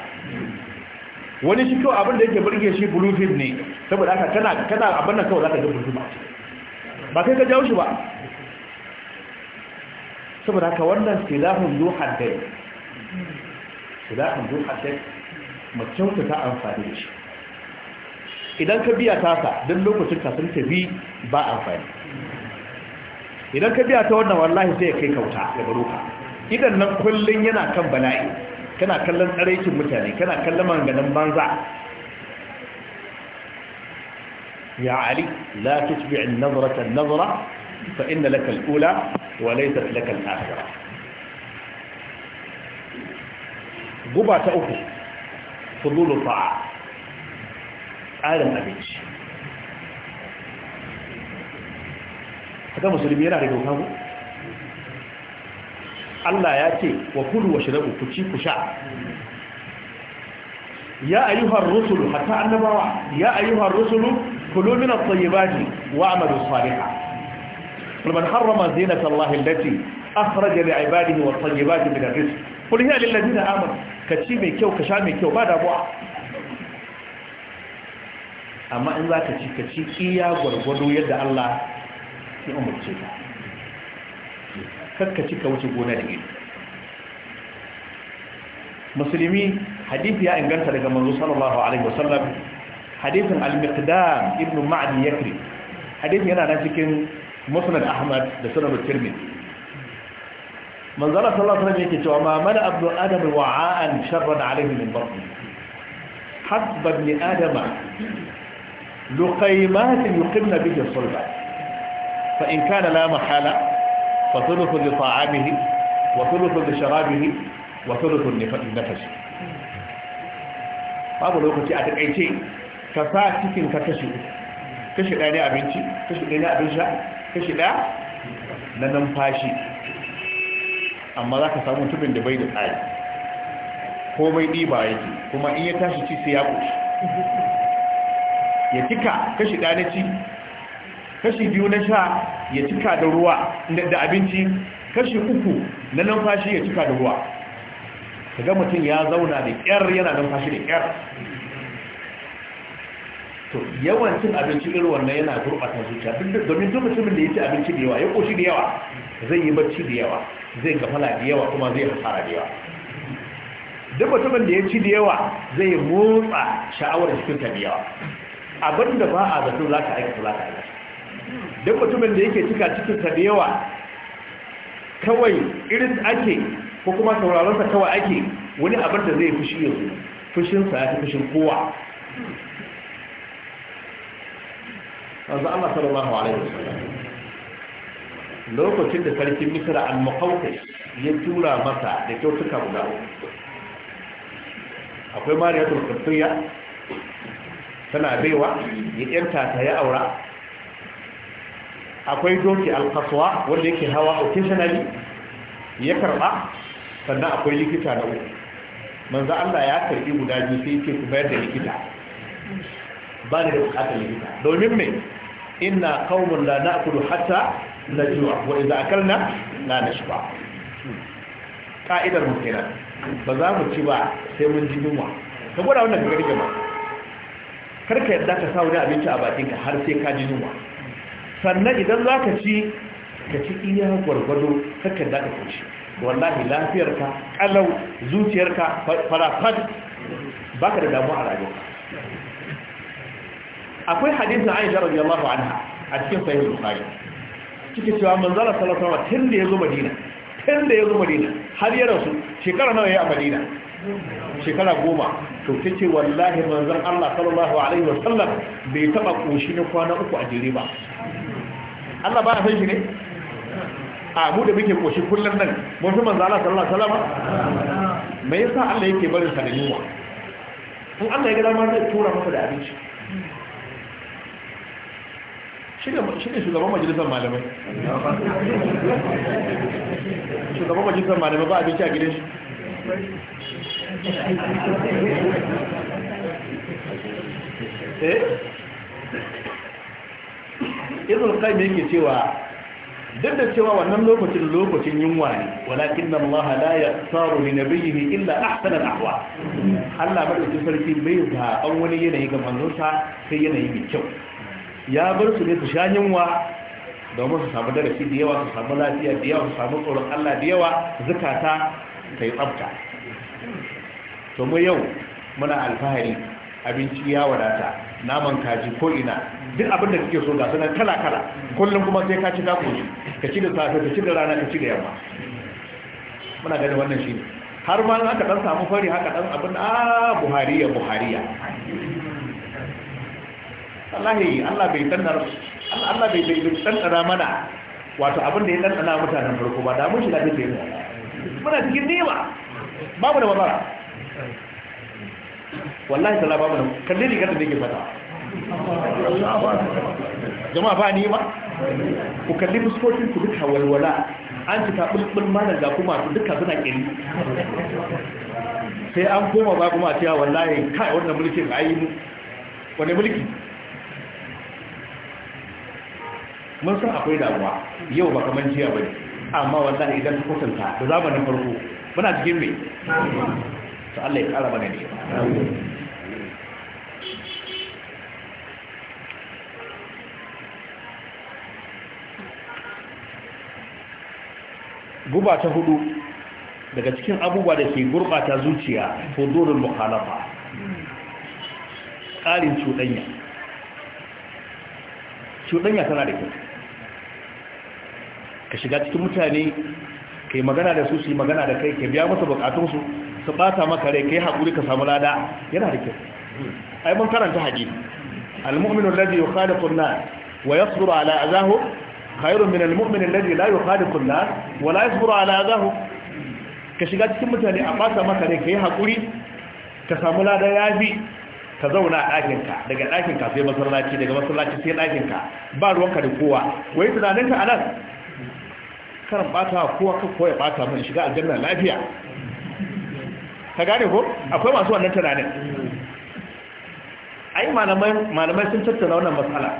wani shi kawai abin da yake burge shi bluefield ne saboda haka kana kana abin nan kawai za ka ga burguma ba Ba kai ka jawo shi ba saboda haka wannan silahun zuwa silahun zuwa mu kyautata amfani da shi idan ka biya tasa don lokacin kafin ta bi ba amfani idan ka biya ta wannan wallahi sai ya kai kauta ya baro idan nan kullun yana kan bala'i kana kallon tsaraikin mutane kana kallon manganin banza ya ali la tutbi' an-nazrata an-nazra fa inna laka al-ula wa laysa laka al guba ta uku فضول الطاعة آدم أبيج هذا مسلمي يرى رجل هذا الله يأتي وكل وشرب كتشي كشاء يا أيها الرسل حتى أنبا يا أيها الرسل كلوا من الطيبات واعملوا صالحا فمن حرم زينة الله التي أخرج لعباده والطيبات من الرزق قل هي للذين آمنوا ka ci mai kyau ka sha mai kyau ba damuwa amma in za ka ci ka ci iya gwargwado yadda Allah ya umarce ka kakka ci ka wuce gona da gini musulmi hadithi ya inganta daga manzo sallallahu alaihi wasallam hadithin al-miqdam ibn ma'di yakri hadithin yana nan cikin musnad ahmad da sunan tirmidhi من ظلت الله صلى الله عليه وسلم وما ملأ ابن آدم وعاء شرا عليه من بطنه حسب ابن آدم لقيمات يقمن به الصلبة فإن كان لا محالة فثلث لطعامه وثلث لشرابه وثلث لنفسه babu lokaci a takaice ka sa cikin ka kashe kashe daya ne abinci kashe daya ne abin sha kashe amma za ka samu tubin da bai da tsari ko bai ɗiba yake kuma in ya tashi ci sai ya ƙoshi ya cika kashi ɗaya na ci kashi biyu na sha ya cika da ruwa da abinci kashi uku na numfashi ya cika da ruwa Ka ga mutum ya zauna da ƙyar yana numfashi da ƙyar to yawan cin abinci irin wannan yana gurɓata zuciya domin duk mutumin da ya ci abinci da yawa ya ƙoshi da yawa zai yi bacci da yawa zai gafala da yawa kuma zai hasara da yawa duk mutumin da ya ci da yawa zai motsa sha'awar cikin ta da yawa abin da ba a zato za ka aikata za ka aikata duk mutumin da yake cika cikin ta da yawa kawai irin ake ko kuma sauraron sa kawai ake wani abin da zai fushi yanzu fushinsa ya fi fushin kowa wanzu Allah sallallahu alaihi wasallam lokacin da sarkin Misira, al-muqawqis ya tura masa da kyautuka guda akwai mariyatul qibtiyya tana baiwa ya yanta ta ya aura akwai doki al-qaswa wanda yake hawa occasionally ya karba sannan akwai likita na uku manzo Allah ya karbi guda biyu sai yake bayar da likita ba da bukatar likita domin me inna qaumun la na'kulu hatta najua wa idza akalna la nashba ka'idar mu kenan ba za mu ci ba sai mun ji yunwa ka gwada wannan kaga rigima karka yadda ka sa wani abinci a bakinka har sai ka ji yunwa sannan idan za ka ci ka ci iya gwargwado karka yadda ka kunshi wallahi lafiyarka kalau zuciyarka farafat baka da damuwa a rayuwa akwai hadisin Aisha radiyallahu anha a cikin sahih Bukhari cikin cewa manzala sallallahu alaihi wasallam tun da yazo Madina tun da yazo Madina har ya rasu shekara nawa yayi a Madina shekara goma to tace wallahi manzon Allah sallallahu alaihi wasallam bai taba koshi na kwana uku a jere ba Allah ba a san shi ne a mu da muke koshi kullum nan mun fi manzala sallallahu alaihi wasallam me yasa Allah yake barin sa da yunwa in Allah ya ga dama zai tura masa da abinci shi ne shugaban majalisar malamai shugaban majalisar malamai ba abinci a gidan shi eh Irin izul qaim yake cewa duk da cewa wannan lokacin lokacin yunwa ne walakin Allah la yaqtaru li nabiyhi illa ahsana al-ahwa Allah ta sarki bai zaɓan wani yanayi ga manzonsa sai yanayi mai kyau ya bar su ne su sha yunwa domin su samu darasi da yawa su samu lafiya da yawa su samu tsoron Allah da yawa zukata ta yi tsafta to mu yau muna alfahari abinci ya wadata naman kaji ko ina duk abin da kake so ga sunan kala kala kullum kuma sai ka ci ka koshi ka ci da safe ka ci da rana ka ci da yamma muna ganin wannan shine har ma aka dan samu fari haka dan abin a ah, buhariya buhariya wallahi Allah bai tsannar Allah bai bai mana wato abin da ya tantara mutanen farko ba da mun shi lafiya ne muna cikin nema babu da babara wallahi tala babu da kalle ne kada nake fata jama'a ba ni ba ku kalli fuskokin ku duka walwala an cika bulbul mana ga kuma su duka suna kiri sai an koma ba kuma cewa wallahi kai wannan mulkin ayi mu wani mulki mun san akwai damuwa yau ba kamar jiya ba amma wallahi idan ka kusanta da zamanin farko muna cikin mai to Allah ya kara mana ne guba ta hudu daga cikin abubuwa da ke gurbata zuciya ko dorin mukhalafa ƙarin cuɗanya cuɗanya tana da kyau ka shiga cikin mutane ka yi magana da su su yi magana da kai ka biya masa bukatunsu su bata maka rai ka yi haƙuri ka samu lada yana da kyau ai mun karanta hadisi المؤمن الذي يخالط الناس ويصبر على أذاه خير من المؤمن الذي لا يخالط الناس ولا يصبر على أذاه كشغا cikin mutane a fata maka rai ka yi hakuri ka samu lada yafi ka zauna a ɗakinka daga ɗakinka sai masallaci daga masallaci sai ɗakinka. ka ba ruwanka da kowa wai tunaninka a nan? karan bata kowa kan koya bata mai shiga aljanna lafiya ka gane ko akwai masu wannan tunanin ai malamai sun tattauna wannan matsala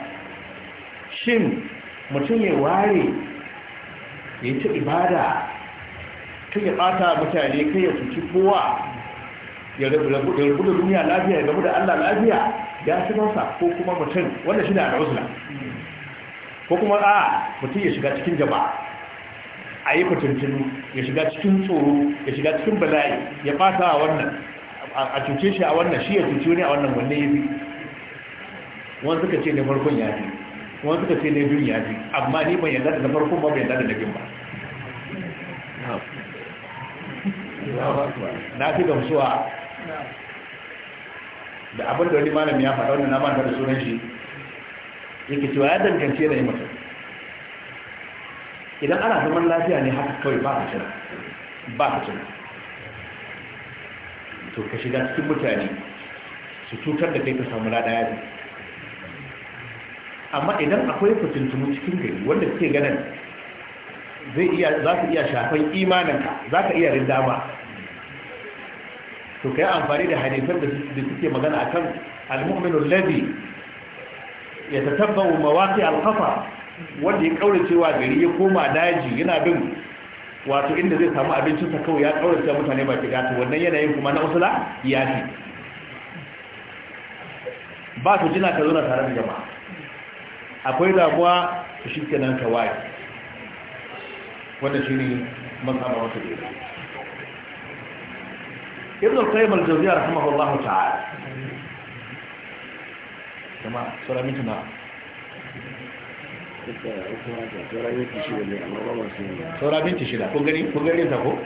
shin mutum ya ware ya ci ibada tun ya bata mutane kai ya cuci kowa ya rabu da duniya lafiya ya rabu da allah lafiya ya fi nasa ko kuma mutum wanda shi da al'uzla ko kuma a mutum ya shiga cikin jama'a a yi fitintinu ya shiga cikin tsoro ya shiga cikin bala'i ya fata a wannan a cuce shi a wannan shi ya cuce wani a wannan wanne ya fi wani suka ce na farkon ya fi wani suka ce na biyun ya fi amma ni ban yarda da na farkon ba ban yarda da na biyun ba na fi gamsuwa da abin da wani malam ya faɗa wannan na manta da sunan shi yake cewa ya dangance da yi mutum idan ana zaman lafiya ne haka kawai ba ka cin ba ka cin to ka shiga cikin mutane su cutar da kai ka samu lada yari amma idan akwai fitintunu cikin gari wanda suke ganin zai iya za ka iya shafan imaninka za ka iya dama, to ka yi amfani da hadisan da suke magana akan al-mu'minul ladhi yatatabba mawaqi al-khafa wanda ya kauracewa wa gari ya koma daji yana bin wato inda zai samu abincin sa kawai ya kaurace mutane ba gata wannan yanayin kuma na usula ya fi ba su jina ka zauna tare da jama'a akwai damuwa su shi nan ka waye wanda shi ne matsaba wata gida ibn al-qayyim al jawziyyah rahimahullah ta'ala jama'a sura mintuna saura minti shida kun gani kun ta ko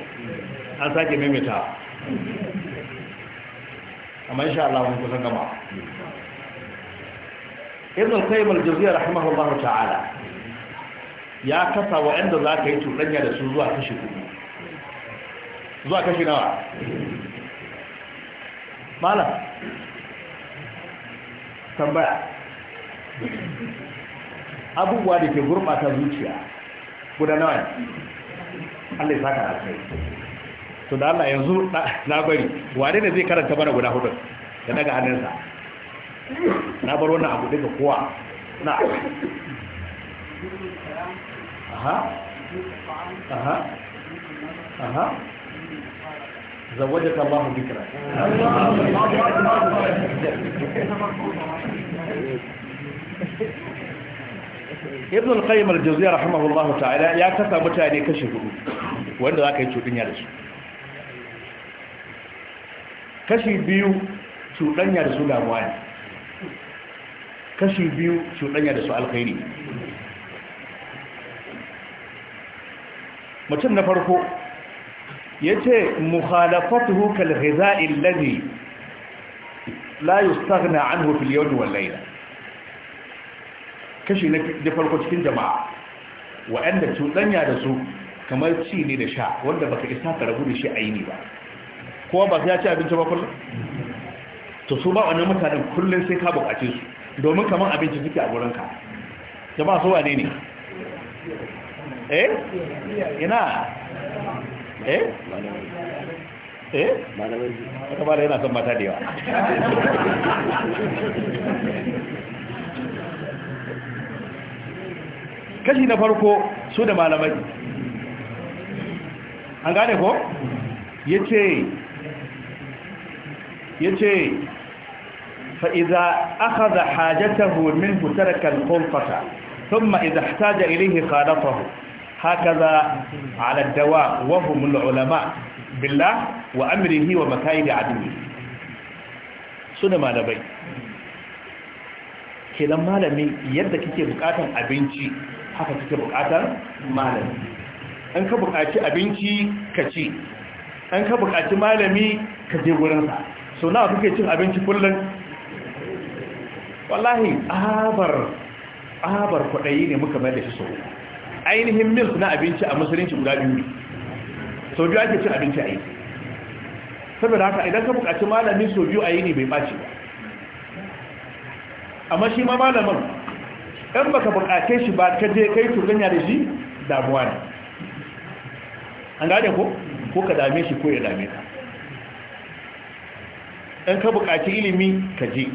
an sake maimaita amma insha Allah mun kusan gama ibn qayyim al-jawziyya rahimahullah ta'ala ya kasa wa'anda za ka yi turanya da su zuwa kashi kudu zuwa kashi nawa malam tambaya abubuwa da ke gurɓata zuciya guda nawa ne Allah ya saka a kai to da Allah yanzu na bari wane ne zai karanta mana guda hudu da daga hannunsa na bar wannan abu daga kowa na aha aha aha bikra الله ذكرا ibn al-qayyim al-jawziyya rahimahullahu ta'ala ya kasa mutane kashi hudu wanda zaka yi cuɗanya da su kashi biyu cuɗanya da su damuwa ne kashi biyu cuɗanya da su alkhairi mutum na farko yace mukhalafatuhu kal ghiza'i alladhi la yustaghna anhu fil yawmi wal layla kashi na farko cikin jama'a waɗanda cuɗanya da su kamar ci ne da sha wanda baka isa ka rabu da shi aini ba kowa ba ya ci abinci ba kullum to su ba wannan mutanen kullum sai ka bukace su domin kamar abinci suke a gurinka jama'a su wane ne eh ina eh eh ba da yana son mata da yawa [laughs] kashi na farko su da malamai an gane ko yace yace fa idza akhadha hajatahu minhu taraka al-khulfata thumma idza ihtaja ilayhi khalatahu hakaza ala ad-dawa wa hum al-ulama billah wa amrihi wa makaidi adwi suna malamai kenan malami yadda kike bukatan abinci haka kike bukatar malami an ka bukaci abinci ka ci an ka bukaci malami ka je gurinsa so na kuke cin abinci kullum wallahi abar abar kwaɗayi ne muka mai da shi so ainihin milk na abinci a musulunci guda biyu sau biyu ake cin abinci a yi saboda haka idan ka bukaci malami sau biyu a yi ne bai ɓaci ba amma shi ma malamin ɗan baka bukace shi ba ka je kai turganya da shi damuwa ne an gane ko ko ka dame shi ko ya dame ka ɗan ka bukaci ilimi ka je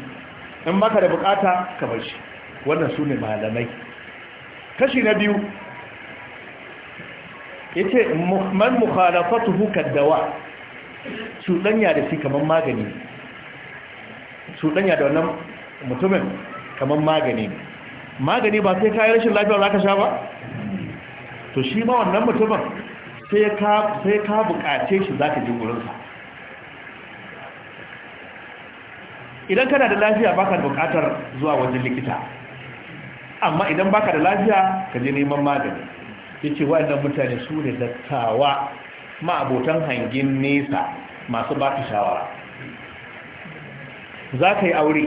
ɗan baka da bukata ka bar shi wannan su ne malamai kashi na biyu ya ce man mukhalafatu hukar dawa cuɗanya da shi kamar magani cuɗanya da wannan mutumin kamar magani ne magani ba sai kayan rashin lafiya za ka sha ba to shi ma wannan mutumin sai ka bukace shi za ka ji gurinsa idan kana da lafiya baka da bukatar zuwa wajen likita amma idan ba ka da lafiya ka je neman magani Ya ce waɗannan mutane su ne dattawa ma abotan hangin nesa masu ba ta shawara za ka yi aure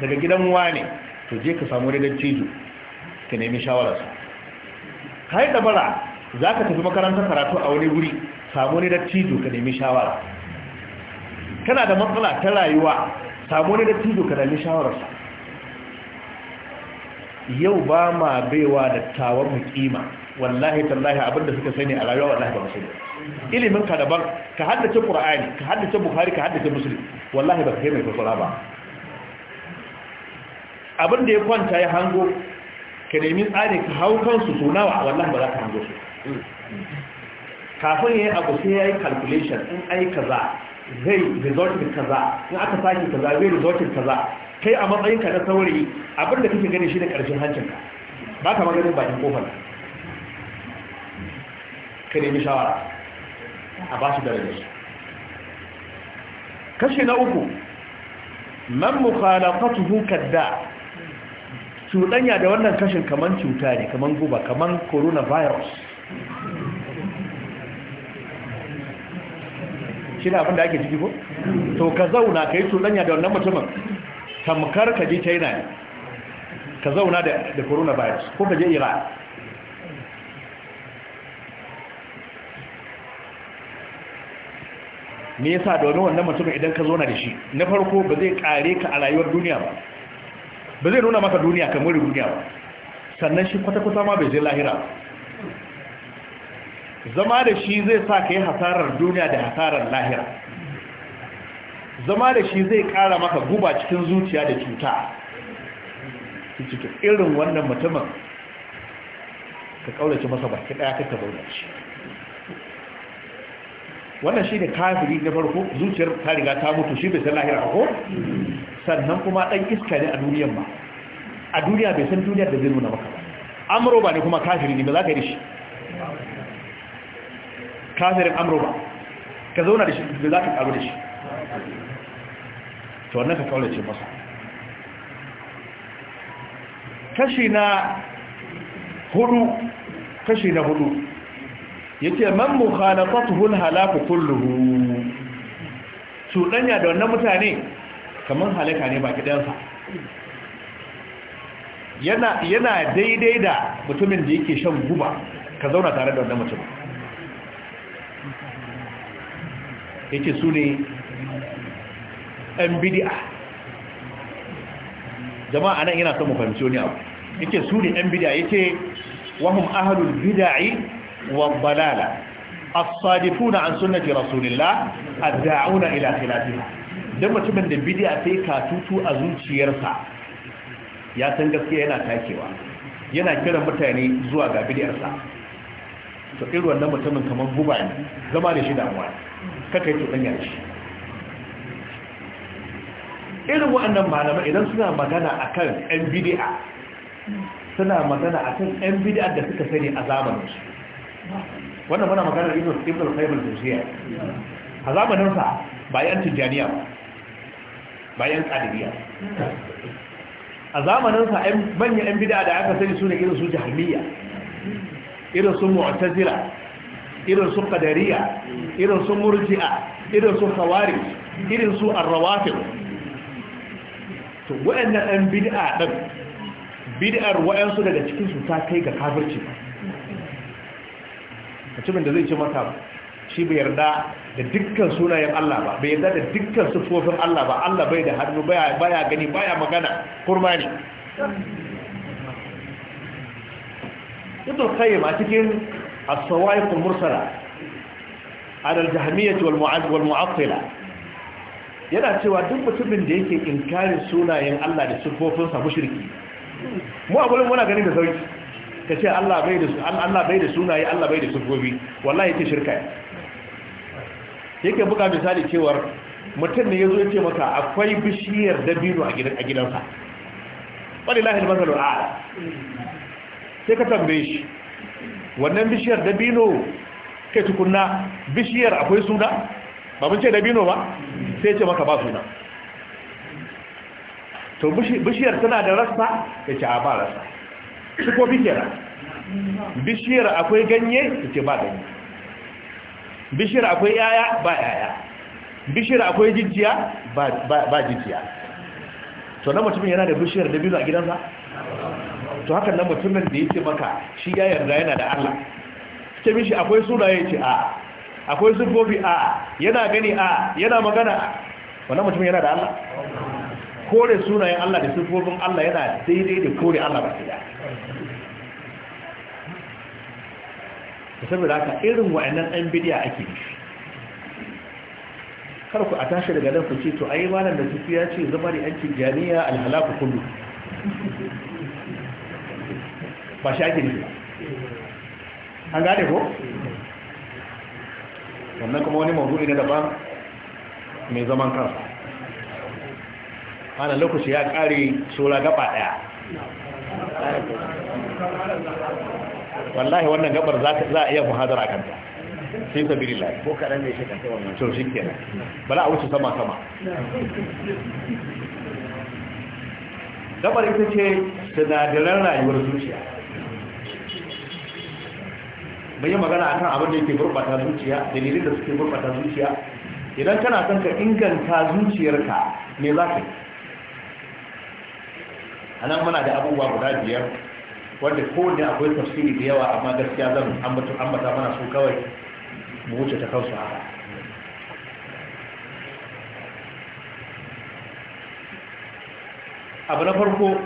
daga gidan wane to je ka samu wani dattijo ka nemi shawararsa ka yi bara za ka tafi makarantar karatu a wani wuri samu wani dattijo ka nemi shawara kana da matsala ta rayuwa samu wani dattijo ka nemi shawararsa yau ba ma baiwa dattawan mu kima wallahi tallahi abinda suka sani a rayuwa wallahi ba musulmi ilimin ka daban ka haddace qur'ani ka haddace bukhari ka haddace muslim wallahi ba kai mai fasara ba abin da ya kwanta ya hango ka nemi tsari ka hau kansu su nawa wannan ba za ka hango su kafin ya yi abu sai ya yi calculation in ai kaza zai resultin kaza in aka sake kaza zai resultin kaza kai a matsayinka na saurayi abin da kake gani shi da ƙarshen hancinka ba ka maganin bakin kofar ka nemi shawara a ba shi darajar shi kashi na uku man mukhalafatuhu kadda cuɗanya da wannan kashin kaman cuta ne kaman guba kaman coronavirus shi ne abinda ake ciki ko? to ka zauna ka yi cuɗanya da wannan mutumin tamkar ka je china ne ka zauna da coronavirus ko ka je iran me yasa domin wannan mutumin idan ka zauna da shi na farko ba zai kare ka a rayuwar duniya ba ba zai nuna maka duniya kamar duniya ba sannan shi kwata-kwata ma bai je lahira zama da shi zai sa ka yi hasarar duniya da hasarar lahira zama da shi zai kara maka guba cikin zuciya da cuta cikin irin wannan mutumin ka kaulace masa baki daya ka bauta shi wannan shi ne kafiri na farko zuciyar ta riga ta mutu shi bai san lahira ko sannan kuma ɗan iska ne a duniyar ba a duniya bai san duniyar da zai nuna maka amuro ba ne kuma kafiri ne ba za ka yi shi kafirin amuro ba ka zauna da shi da za ka karu da shi to wannan ka kawo ce masa kashi na hudu kashi na hudu ce man mukhalafatuhu halaku kulluhu cudanya da wannan mutane kamar halaka ne baki ɗansa yana yana daidai da mutumin da yake shan guba ka zauna tare da wannan mutum yake su ne ɗan bidi'a jama'a anan yana son mu fahimci wani abu yake su ne ɗan bidi'a yake wahum ahalul bida'i wa balala as-sadifuna an sunnati rasulillah ad-da'una ila don mutumin da bidiya ta yi katutu a zuciyarsa ya san gaskiya yana takewa yana kiran mutane zuwa ga bidiyarsa to irin wannan mutumin kamar guba ne zama da shi damuwa kakai cuɗanya shi irin wannan malamai idan suna magana akan yan bidiya suna magana akan yan bidiya da suka sani a zamaninsu wannan muna magana ibn ibn al-qayyim al-jawziyya a zamaninsa ba yan tijaniya ba bayan ƙadiriya a zamaninsa manyan 'yan bida da aka sani ne irin su jahiliya irin su mu'tazila irin su qadariya irin su murji'a irin su hawari irin su arrawafid to wayannan 'yan bid'a din bid'ar waɗansu daga cikin su ta kai ga kafirci cikin da zai ce maka shi bai yarda da dukkan sunayen Allah ba bai yarda da dukkan sufofin Allah ba Allah bai da hannu baya gani baya magana kurma ne ibn qayyim a cikin as-sawa'iq al-mursala ala al-jahmiyyah wal mu'add wal mu'attila yana cewa duk mutumin da yake inkarin sunayen Allah da sufofin sa mushriki mu abulin muna ganin da sauki ka ce Allah bai da sunaye Allah bai da sufofi wallahi yake shirka yake buga misali cewar mutum ne ya zo ce maka akwai bishiyar dabino a gidansa wani lahil matsalar ala sai ka tambaye shi wannan bishiyar dabino kai tukunna bishiyar akwai suna ba mun ce dabino ba sai ce maka ba suna to bishiyar tana da rasta ya ce a ba rasta su ko bishiyar bishiyar akwai ganye ya ce ba ganye bishiyar akwai yaya ba yaya bishiyar akwai jijiya ba jijiya to na mutumin yana da bishiyar da biyu a gidansa to hakan na mutumin da yake maka shi ya yarda yana da Allah ce mishi akwai sunaye ce a akwai zubobi a yana gani a yana magana a wannan mutumin yana da Allah kore sunayen Allah da sufofin Allah yana daidai da kore Allah ba sai saboda haka irin wa'annan ɗan bidiya ake kar ku a tashi daga nan ku ce to ai malam da tafi ya ce zama da yankin jami'a alhalaku kullu ba shi ake nufi an gane ko wannan kuma wani mawuri na daban mai zaman kansa ana lokaci ya kare shura gaba daya wallahi wannan gabar za a iya a kanta sai lai ko da ne shi kanta wannan to kenan. bala a wuce sama sama gabar ita ce sinadaran rayuwar zuciya bai yi magana a kan abin da yake gurɓata zuciya dalilin da suke gurɓata zuciya idan kana son ka inganta zuciyarka me za ka yi a nan muna da abubuwa guda biyar wanda kowanne akwai tafsiri da yawa amma gaskiya zan ambata mana su kawai mu wuce ta kausa A abu na farko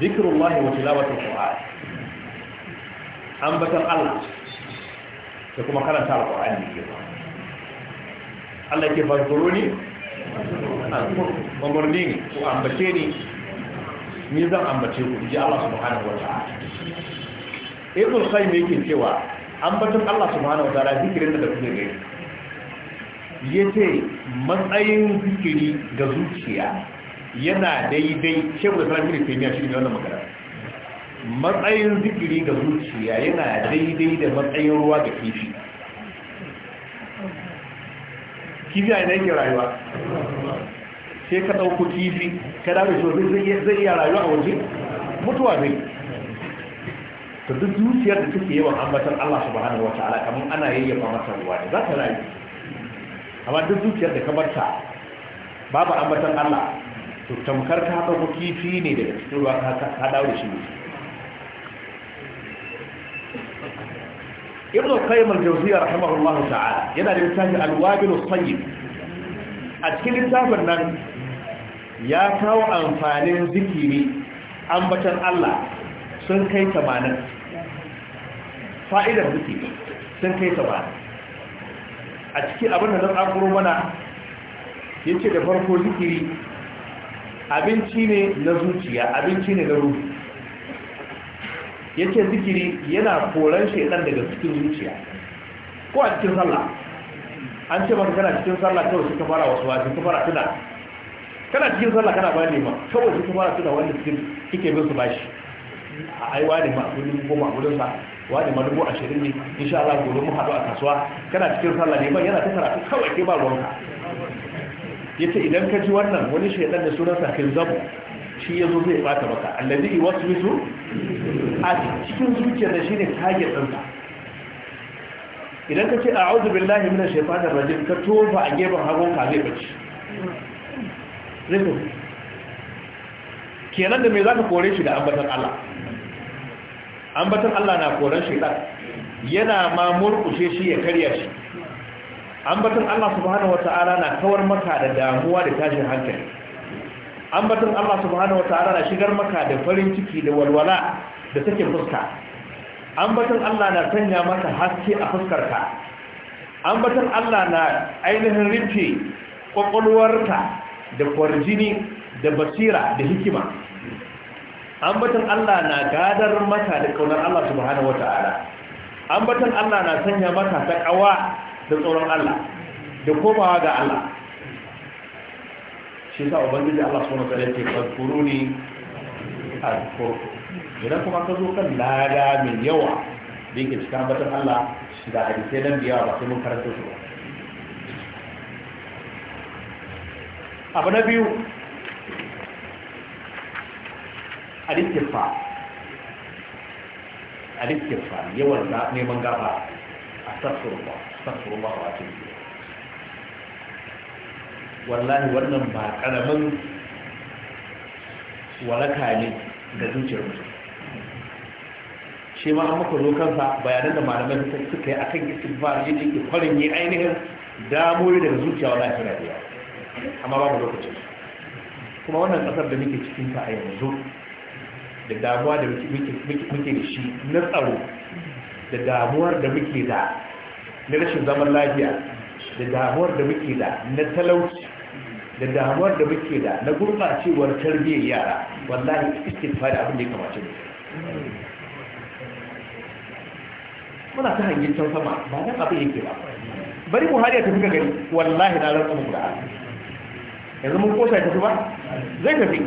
zikirullahi wa tilawatul qur'an Ambatar Allah da kuma karanta alqur'ani ne Allah ke fazkuruni ne ko ambace ne ni zan ambace ku ji Allah subhanahu ta'ala ibn qayyim yake cewa ambatun Allah subhanahu ta'ala zikirin da kuke gani yace matsayin zikiri ga zuciya yana daidai shi da sanar da taimiyya shi ne wannan magana matsayin zikiri ga zuciya yana daidai da matsayin ruwa ga kifi kifi a yanayi ke rayuwa sai ka ɗauko kifi ka dawo shi wajen zai iya rayuwa a waje mutuwa zai ta duk zuciyar da take yawan ambatar Allah subhanahu wata ala kamar ana yayyafa mata ruwa ne za ta rayu amma duk zuciyar da ka barta babu ambatar Allah to tamkar ka ɗauko kifi ne daga cikin ruwa ka dawo da shi ne ibn qayyim al-jawziyya rahimahullahu ta'ala yana da littafin al-wabil as-sayyid a cikin littafin nan ya kawo amfanin zikiri ambatan Allah sun kai tamanin fa'idar zikiri sun kai tamanin a ciki abin da zan akuro mana ya ce da farko zikiri abinci ne na zuciya abinci ne na ruhu ya ce zikiri yana koran shaidan daga cikin zuciya ko a cikin sallah an ce maka kana cikin sallah kawai suka fara wasu wasu suka fara tuna kana cikin sallah kana ba nema, kawai su kuma suna wanda cikin kike bin su bashi a wa ne ma kudin goma a gudun sa wa ne ma dubu ashirin ne insha Allah gobe mu haɗu a kasuwa kana cikin sallah ne yana ta karatu kawai ke ba ruwanka yace idan ka ji wannan wani shaidan da kin kinzabu shi ya zo zai bata maka alladhi yuwaswisu a cikin zuciyar da shine target ɗinka idan ka ce a'udhu billahi minash shaitanir rajim ka tofa a gefen ka zai bace zai kenan da mai za ka kore shi da ambatan Allah ambatan Allah na koren shaitan yana ma murkushe shi ya karya shi ambatan Allah subhanahu wata'ala na kawar maka da damuwa da tashin hankali ambatan Allah subhanahu wata'ala na shigar maka da farin ciki da walwala da take fuska ambatan Allah na sanya maka haske a fuskarka ambatan Allah na ainihin rufe kwakwalwarka da kwarjini da basira da hikima ambatan Allah na gadar mata da kaunar Allah subhanahu wata'ala ambatan Allah na sanya mata ta kawa da tsoron Allah da komawa ga Allah shi sa ubangiji Allah subhanahu wata'ala yake a azkurku idan kuma ka zo kan lada mai yawa da yake cikin ambatan Allah da hadisai nan da yawa ba sai mun karanta su ba abu na biyu alistifa alistifa yawan neman gaba a sassurwa sassurwa a wacin wallahi wannan ba karamin walaka ne da zuciyar mutum shi ma an muka zo kansa bayanan da malamai suka yi akan yi ne ke kwarin yi ainihin damuwa daga zuciya wallahi suna da amma ba mu lokacin kuma wannan kasar da muke cikin ta a yanzu da damuwa da muke da shi na tsaro da damuwar da muke da na rashin zaman lafiya da damuwar da muke da na talauci da damuwar da muke da na gurɓacewar tarbiyyar yara wallahi istifa da abin da ya kamace mu muna ta hangen can sama ba nan abin yake ba bari mu har ya tafi ga gari wallahi na rantsa mu da yanzu mun kosa tafi ba zai tafi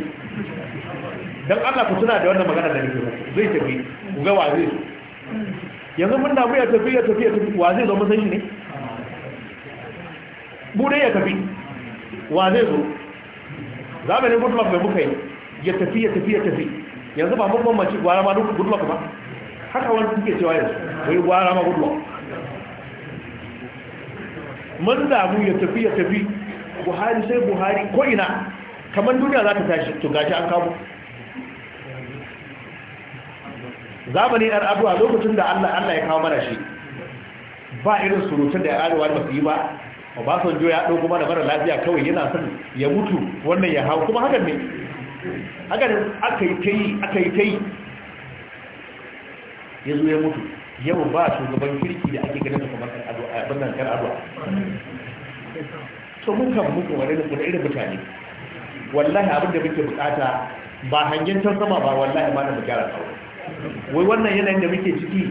don allah ku tuna da wannan magana da nake zai tafi ku ga waje. yanzu mun damu ya tafi ya tafi ya tafi wa zai zo mun san shi ne bude ya tafi wa zai zo zamanin goodluck mai muka yi ya tafi ya tafi ya tafi yanzu ba mun bambanci gwara ma goodluck ba haka wani suke cewa yanzu wai gwara ma goodluck mun damu ya tafi ya tafi buhari sai buhari ko ina kamar duniya za ta tashi to gashi an kawo zamani ɗan abuwa lokacin da allah allah ya kawo mana shi ba irin surutun da ya arewa da su yi ba ba obasanjo ya ɗau kuma da mara lafiya kawai yana son ya mutu wannan ya hau kuma hakan ne hakan aka yi ta yi aka yi ta yi ya zo ya mutu yau ba shugaban kirki da ake ganin da kamar kan abuwa to mun kan muku wani da kuma irin mutane wallahi abin da muke bukata ba hangen can sama ba wallahi ba da mu gyara tsaro wai wannan yanayin da muke ciki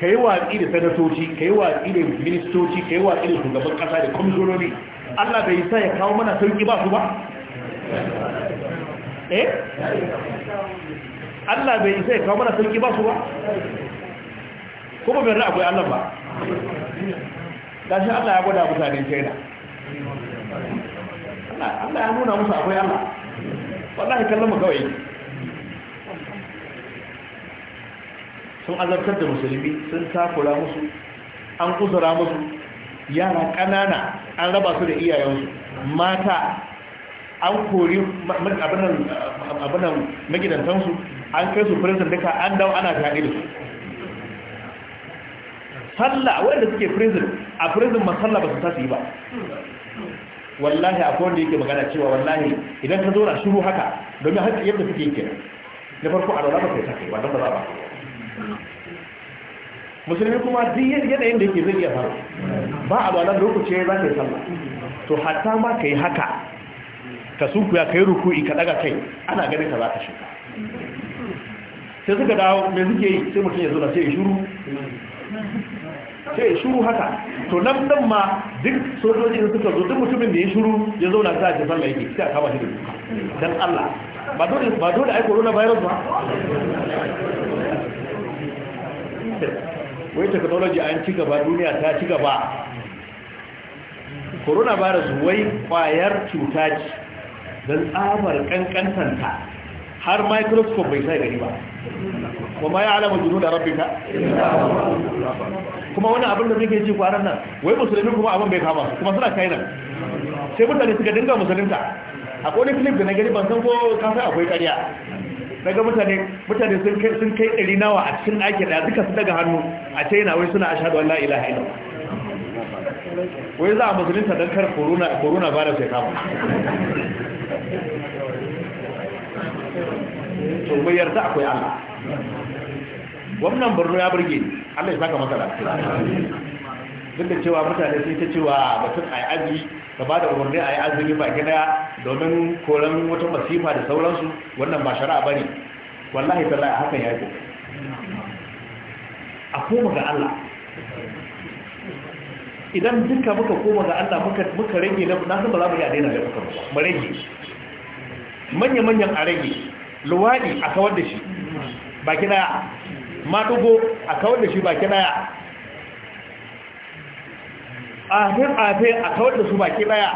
ka yi watsi da sanatoci ka yi watsi da ministoci ka yi watsi da shugaban kasa da kwamishinoni allah bai sa ya kawo mana sauki ba su ba eh allah bai sa ya kawo mana sauki ba su ba kuma bai akwai allah ba gashi allah ya gwada mutanen china Allah ya nuna musu akwai Allah wallahi kallon mu kawai sun azabtar da musulmi sun takura musu an kusura musu yara kanana an raba su da iyayensu mata an kori abinan magidantansu an kai su prison duka an dawo ana fyaɗe da su sallah wadda suke prison a prison ma ba su tasi ba wallahi akwai wanda yake magana cewa wallahi idan ka zauna shiru haka domin haka yadda suke yake na farko a rana ba kai take wannan ba za ba musulmi kuma duk yanayin da yake zai iya faru ba a wannan lokaci za ka yi sallah to hatta ma ka yi haka ka sunkuya ka yi ruku'i ka daga kai ana ganin ka za ka shiga sai suka dawo me suke yi sai mutum ya zo da sai shiru sai shuru haka to nan nan ma duk sojoji da suka zo duk mutumin da ya shuru ya zauna ta ji sallah yake sai a kama shi da duka dan Allah ba dole ba dole ai corona virus ba wai technology an ci gaba duniya ta ci gaba corona virus wai kwayar cuta ce dan tsabar kankantanta har microscope bai sai gari ba kuma ya alama junuda rabbika kuma wani abin da muke ji kwanan nan wai musulmi kuma abin bai kama kuma suna kai nan sai mutane suka dinga musulunta akwai wani clip da na gani ban san ko kafin akwai ƙarya daga mutane mutane sun kai sun kai ɗari nawa a cikin ɗakin da duka su daga hannu a china wai suna ashhadu an la ilaha illallah wai za a musulunta don kar corona corona virus ya kama to bayar yarda akwai Allah gwamnan borno ya burge ni allah ya saka masa duk da cewa mutane sai ta cewa batun a yi aji ka ba da umarni a yi azumi ba gida domin koran wata masifa da sauransu wannan ba shari'a ba ne wallahi ta la'a hakan ya yi a koma ga allah idan duka muka koma ga allah muka rage na san ba za mu yi a daina da kuka mu rage manya-manyan a rage luwaɗi a kawar da shi ba gida matugo a kawar da shi baki ɗaya a afe a kawar da su baki ɗaya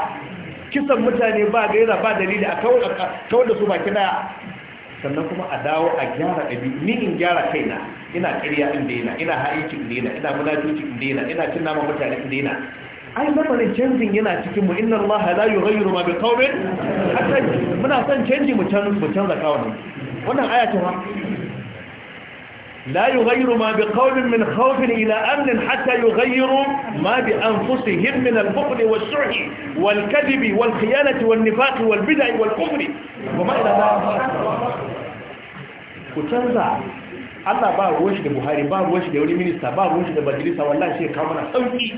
kisan mutane ba gaira ba dalili a kawar da su baki ɗaya sannan kuma a dawo a gyara ɗabi ni in gyara kaina ina kirya in daina ina haiki in daina ina munafici in yana ina cin nama mutane inda yana ai lamarin canjin yana cikin mu inna Allah la yughayyiru ma biqawmin hatta muna son canji mu canza mu canza kawai wannan aya ce لا يغير ما بقول من خوف إلى أمن حتى يغيروا ما بأنفسهم من البخل والسعي والكذب والخيانة والنفاق والبدع والكفر وما إلى ذلك وتنزع الله باب وشد بهاري باب وشد يولي منيسة باب وشد بجلسة والله شيء كامنا سوكي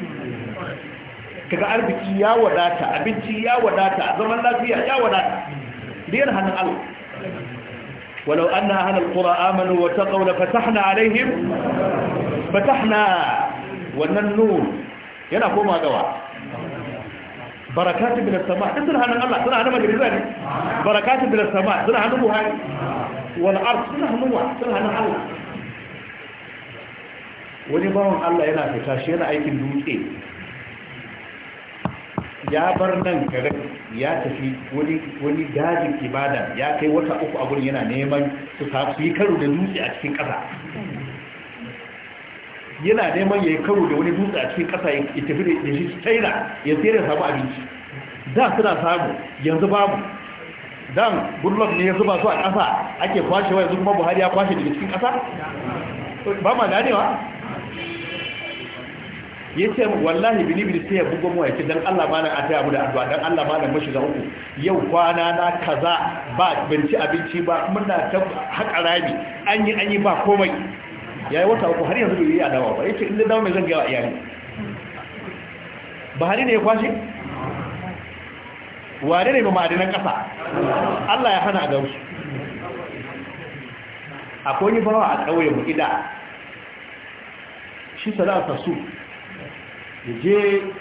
كذا أربتي يا وداتا أبنتي يا وداتا أظمان لا فيها يا وداتا لين هنالك ولو أن أهل القرى آمنوا واتقوا لفتحنا عليهم فتحنا وننون ينا فوما دواء بركات من السماء انتنا هنا الله سنة هنما جريزاني بركات من السماء سنة هنمو هاي والأرض سنة هنمو سنة هنمو هاي ولي بارون الله ينا فتاشينا أي كندوكي ya bar nan garin ya tafi wani dajin ibada ya kai wata uku a wurin yana neman su yi karo da dutse a cikin ƙasa yana neman ya yi karo da wani dutse a cikin ƙasa ya tafi da shi china ya tsere samu abinci da suna samu yanzu babu dan gurlok ne ya zuba su a ƙasa ake kwashewa yanzu kuma buhari ya kwashe daga cikin ƙasa ba ma ganewa ya ce wallahi bilibili sai ya bugo mu ya ce dan Allah ma na taya mu da addu'a dan Allah ma na mashi da uku yau kwana na kaza ba binci abinci ba muna ta haƙa rami an yi an yi ba komai yayi wata uku har yanzu bai yi adawa ba yace in da dawo mai zan ga wa iyali bahari ne ya kwashe wane ne ba ma'adinan ƙasa Allah ya hana a gamsu akwai wani bawa a ƙauye mu ida shi sana'arsa su ya je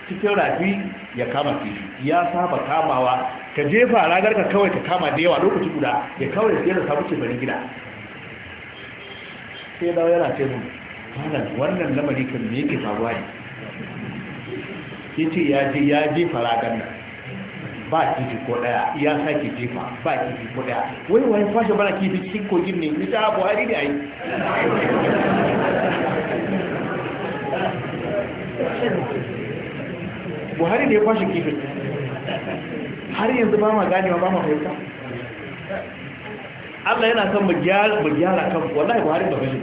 cikin rafi ya kama kifi ya saba kamawa ka jefa ranar ka kawai ka kama da yawa lokaci guda ya kawai ya da samu cefani gida sai dawo yana ce mun wannan wannan lamari kan me yake faruwa ne yace ya je ya jefa ranar nan ba kifi ko daya ya sake jefa ba kifi ko daya wai wai fashe bana kifi cikin kogin ne ni ta buhari ne ai buhari da ya kwashe kifin har yanzu ba ma ganewa ba ma fahimta Allah yana kan mu gyara kan wallahi Buhari ba gaji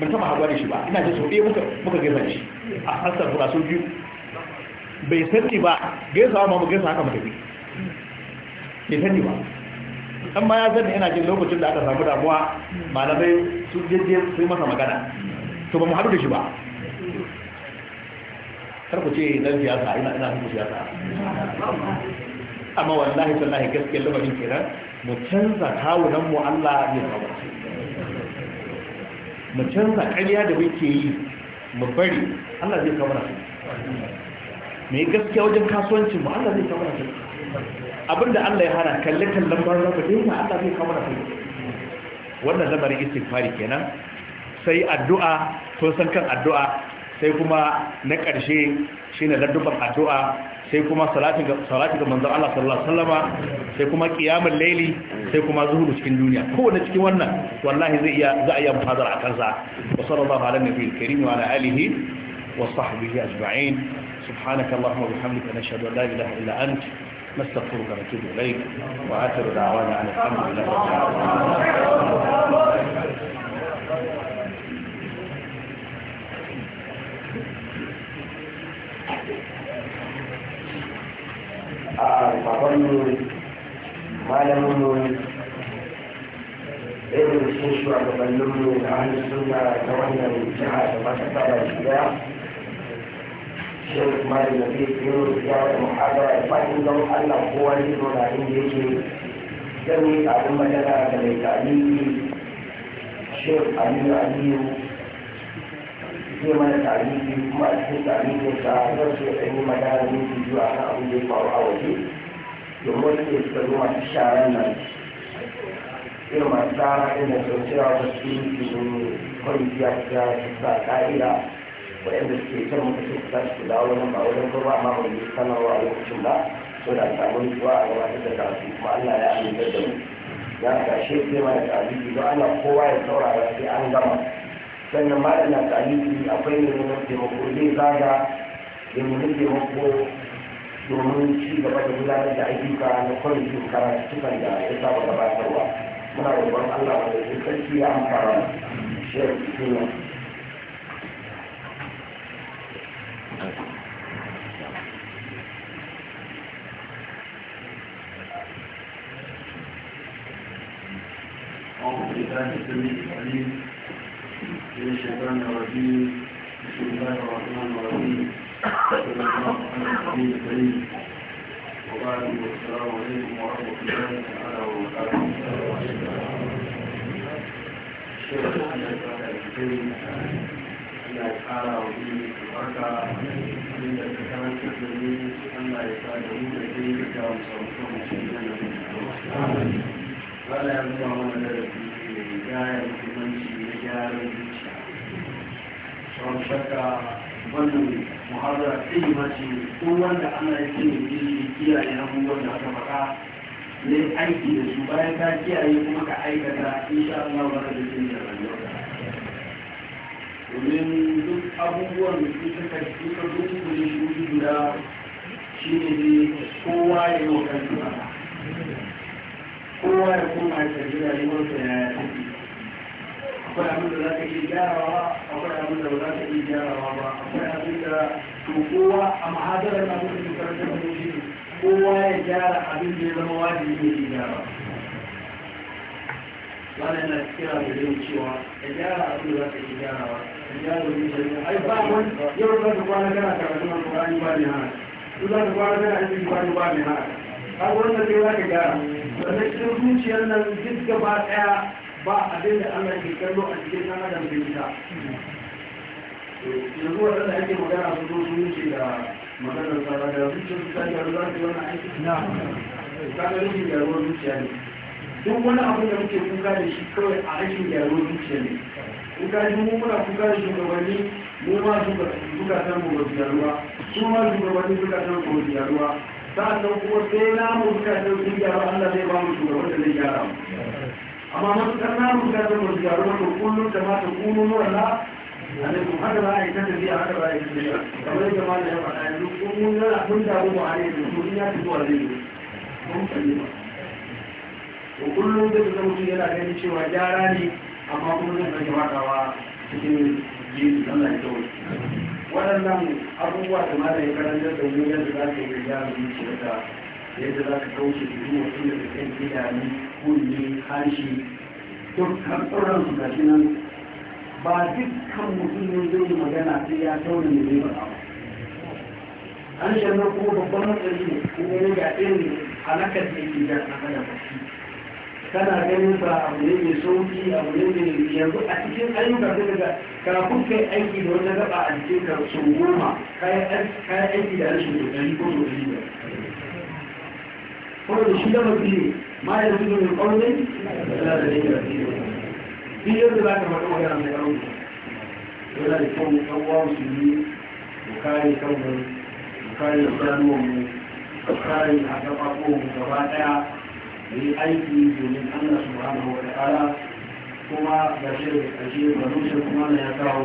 ban taba hawa da shi ba ina ji sobe muka muka gaisa shi a hasar fura so biyu bai sanni ba gaisa ma mu gaisa haka mutane tafi bai sanni ba amma ya zanna ina jin lokacin da aka samu damuwa malamai su jeje su masa magana to ba mu haɗu da shi ba kar ku ce dan siyasa ina ina hukun siyasa amma wallahi wallahi gaskiya lamarin kenan mu canza kawunan mu Allah ya kawo mu canza ƙarya da muke yi mu bari Allah zai kawo mana mai gaskiya wajen kasuwancin mu Allah zai kawo mana abinda Allah ya hana kalle kallon barna ba dinka Allah zai kawo mana wannan lamarin istighfari kenan sai addu'a to san kan addu'a sai kuma na ƙarshe shi ne laddukan addu'a sai kuma salati ga salati ga Allah sallallahu alaihi sai kuma qiyamul layli sai kuma zuhudu cikin duniya kowanne cikin wannan wallahi zai iya za a yi muhadara akan sa wa sallallahu ala nabiyil karim wa ala alihi wa sahbihi ajma'in subhanaka allahumma wa bihamdika nashhadu an la ilaha illa anta نستغفرك ونتوب إليك وآخر دعوانا أن الحمد لله رب العالمين a babanmu malaminmu ɗaya da cikin shugabanninmu da hannun suna ta wannan jiha da matasa da shiga shirin kuma da nabi biyu ya da muhadara da fadin don allah kowa ne na inda yake zan yi abin magana da mai tarihi shirin aliyu aliyu zai mana tarihi kuma a cikin tarihin sa zan so ɗan yi magana ne su zuwa kan abin da ya faru a waje domin wasu ne suka zo masu sharan nan irin masu tsara ɗin da sun cewa wasu yin kwanciya ta sa waɗanda suke can mutu su tashi su dawo nan ba wajen kuma amma ma wani sanarwa a lokacin ba so da samun zuwa a gabatar da karatu kuma Allah ya amince da mu ya ga shi sai mana karatu don ana kowa ya saurara sai an gama sannan ma da ta akwai ne neman taimako zai zaga da neman taimako domin ci gaba da gudanar da ayyuka na kwamitin karatukan da ya saba gabatarwa muna roƙon allah wanda ya sarki ya amfara shirin suna أعوذ بالله من الشيطان الرجيم بسم الله الرحمن الرحيم صلى الله عليه Allah ya da ni ya sa da mu ya rigayar zubanci na gyara zuciya sau shakka wannan muhazara ilima ce ko wanda ana yi cin yi kiyaye abubuwan da aka faɗa ne aiki da su bayan ka kiyaye kuma ka aikata insha Allah ba ka da da rayuwa domin duk abubuwan da su suka suka gudu da shi guda shi ne kowa ya yi wa kansu kowa ya koma ya karbi rayuwarsa ya yi akwai abin da za ka iya gyarawa akwai abin da ba za ka iya gyarawa ba akwai abin da to kowa a mahadarar na mutum karanta da shi kowa ya gyara abin da ya zama wajibi ne ya gyara wannan na kira da yau cewa ya gyara abin da za ka iya gyarawa ya gyara wani shari'a ai ba wani yau za ka kwana kana karatu na kurani ba ne hana su za ka kwana kana aiki ba ne ba ne hana har wannan sai za ka gyara sannan cikin zuciyar nan duk gaba ɗaya ba abin da Allah ke kallo a cikin ɗan adam da ita yanzu wa da ake magana su zo su yi da maganar tsara da zuciya su ta gyaru za su yi wani aiki ta ga rashin gyaruwar zuciya ne duk wani abu da muke kuka da shi kawai a rashin gyaruwar zuciya ne kuka ji mu muna kuka da shugabanni mu ma suka san mu ba su gyaruwa su ma shugabanni suka san mu ba su gyaruwa sa'annan kuma sai na mu suka san sun Allah zai ba mu shugaban da zai gyara mu amma matuƙar namun ta zama su gyaru wata kullum da mata kuno murala alaikum haka za a yi ta tafiya haka za a yi tafiya kamar yadda ma da ya faɗa yanzu kullum yana kun damu ba a yi da su ya fito a zai mun kalli ba to kullum zai zama mutum yana gani cewa gyara ne amma kuma zai zama makawa cikin jesu Allah ya kawai waɗannan abubuwa da ma da ya karanta da mu yadda za su yi gyara zuciya ta yadda za ka kauce da yi wasu da kan idanu kunne harshe dukkan tsoron su gashi nan ba dukkan mutum ne zai magana sai ya tauna ne zai ba an nan kuma babban matsayi ne kuma ya ga irin halakar da yake da a da baki kana ganin ba abu ne mai sauki abu ne mai yanzu a cikin ayyuka da daga kafin kai aiki da wata gaba a cikin karshen goma kayan aiki da rashin kokari ko kokari da saboda shi da mafi ma ya zuwa mai ƙaunin yana da yake da za ka faɗi magana mai rauni yana da kyau mu ɗan su yi mu kare kanmu mu kare idanuwanmu mu kare a gaɓaɓo gaba ɗaya mu yi aiki domin allah subhanahu wa ta'ala kuma ga shi da ba kuma na ya kawo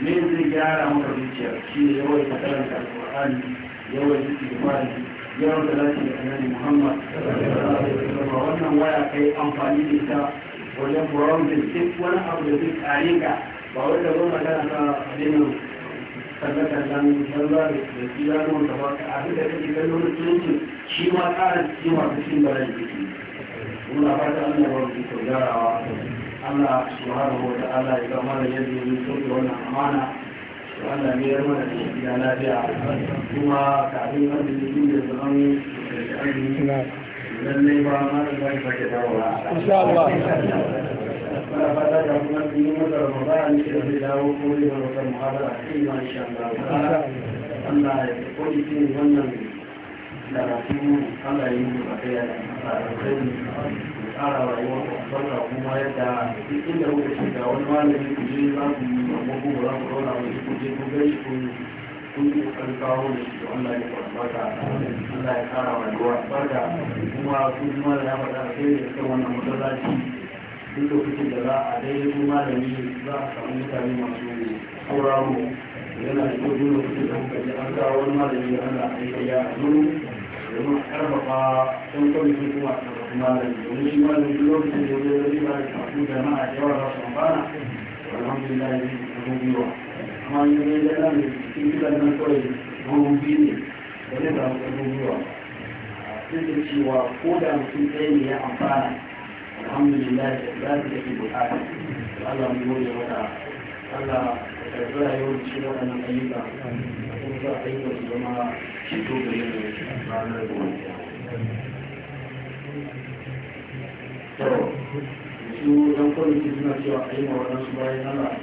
me zai gyara maka zuciya shi ne yawan karanta alƙur'ani ya rauta lafi da annabi muhammad wannan waya kai amfani da ita wajen browsing duk wani abu da duk kare ka ba wai da goma tana sa adinin tabbatar da sallah da tsira da wanda ba ka abin da kake kallo na tunanci shi ma ƙara cikin masu cin da rai ciki muna fata an yawa su saurarawa Allah subhanahu wa ta'ala ya yadda wannan amana wannan ne ya mana da shi gida lafiya kuma kafin wanda ne yin da zaman lallai ba ma da zai sake dawowa insha Allah mana fata da kuma yin masa ramadan shi da dawo ko zai zama muhabara sai ma insha Allah Allah ya kodi shi wannan da rafi Allah ya yi mu a kai da kara rayuwar zauna kuma yadda duk inda kuka ce ga wani malami ku je za ku yi amma ku ba za ku zauna ba ku je ku gani ku kun yi kokarin kawo da shi Allah ya barka Allah ya tsara rayuwa barka kuma kun ji da ya faɗa sai da wannan masallaci duk lokacin da za a daidai malami za a samu mutane masu sauraro yana da kyau duk lokacin da kuka ji an kawo wani malami da ana ya a domin karfafa sun kwamitin kuma a karfafi malami domin shi malami duk lokacin da ya zo zai ba da karfafin jama'a da yawa za su amfana alhamdulillah ya yi karfin gwiwa amma in yi da ɗan cikin gidan nan kawai ruwan biyu ne ba zai samu karfin gwiwa duk da cewa ko da mutum ɗaya ne ya amfana alhamdulillah da za su yake bukata Allah mu gode mata Allah ya karɓi rayuwar cikin waɗannan ayyuka za a yi wasu zama shito da mu ranar gobe to su ɗan kwamiti suna cewa a yi ma waɗansu bayan ana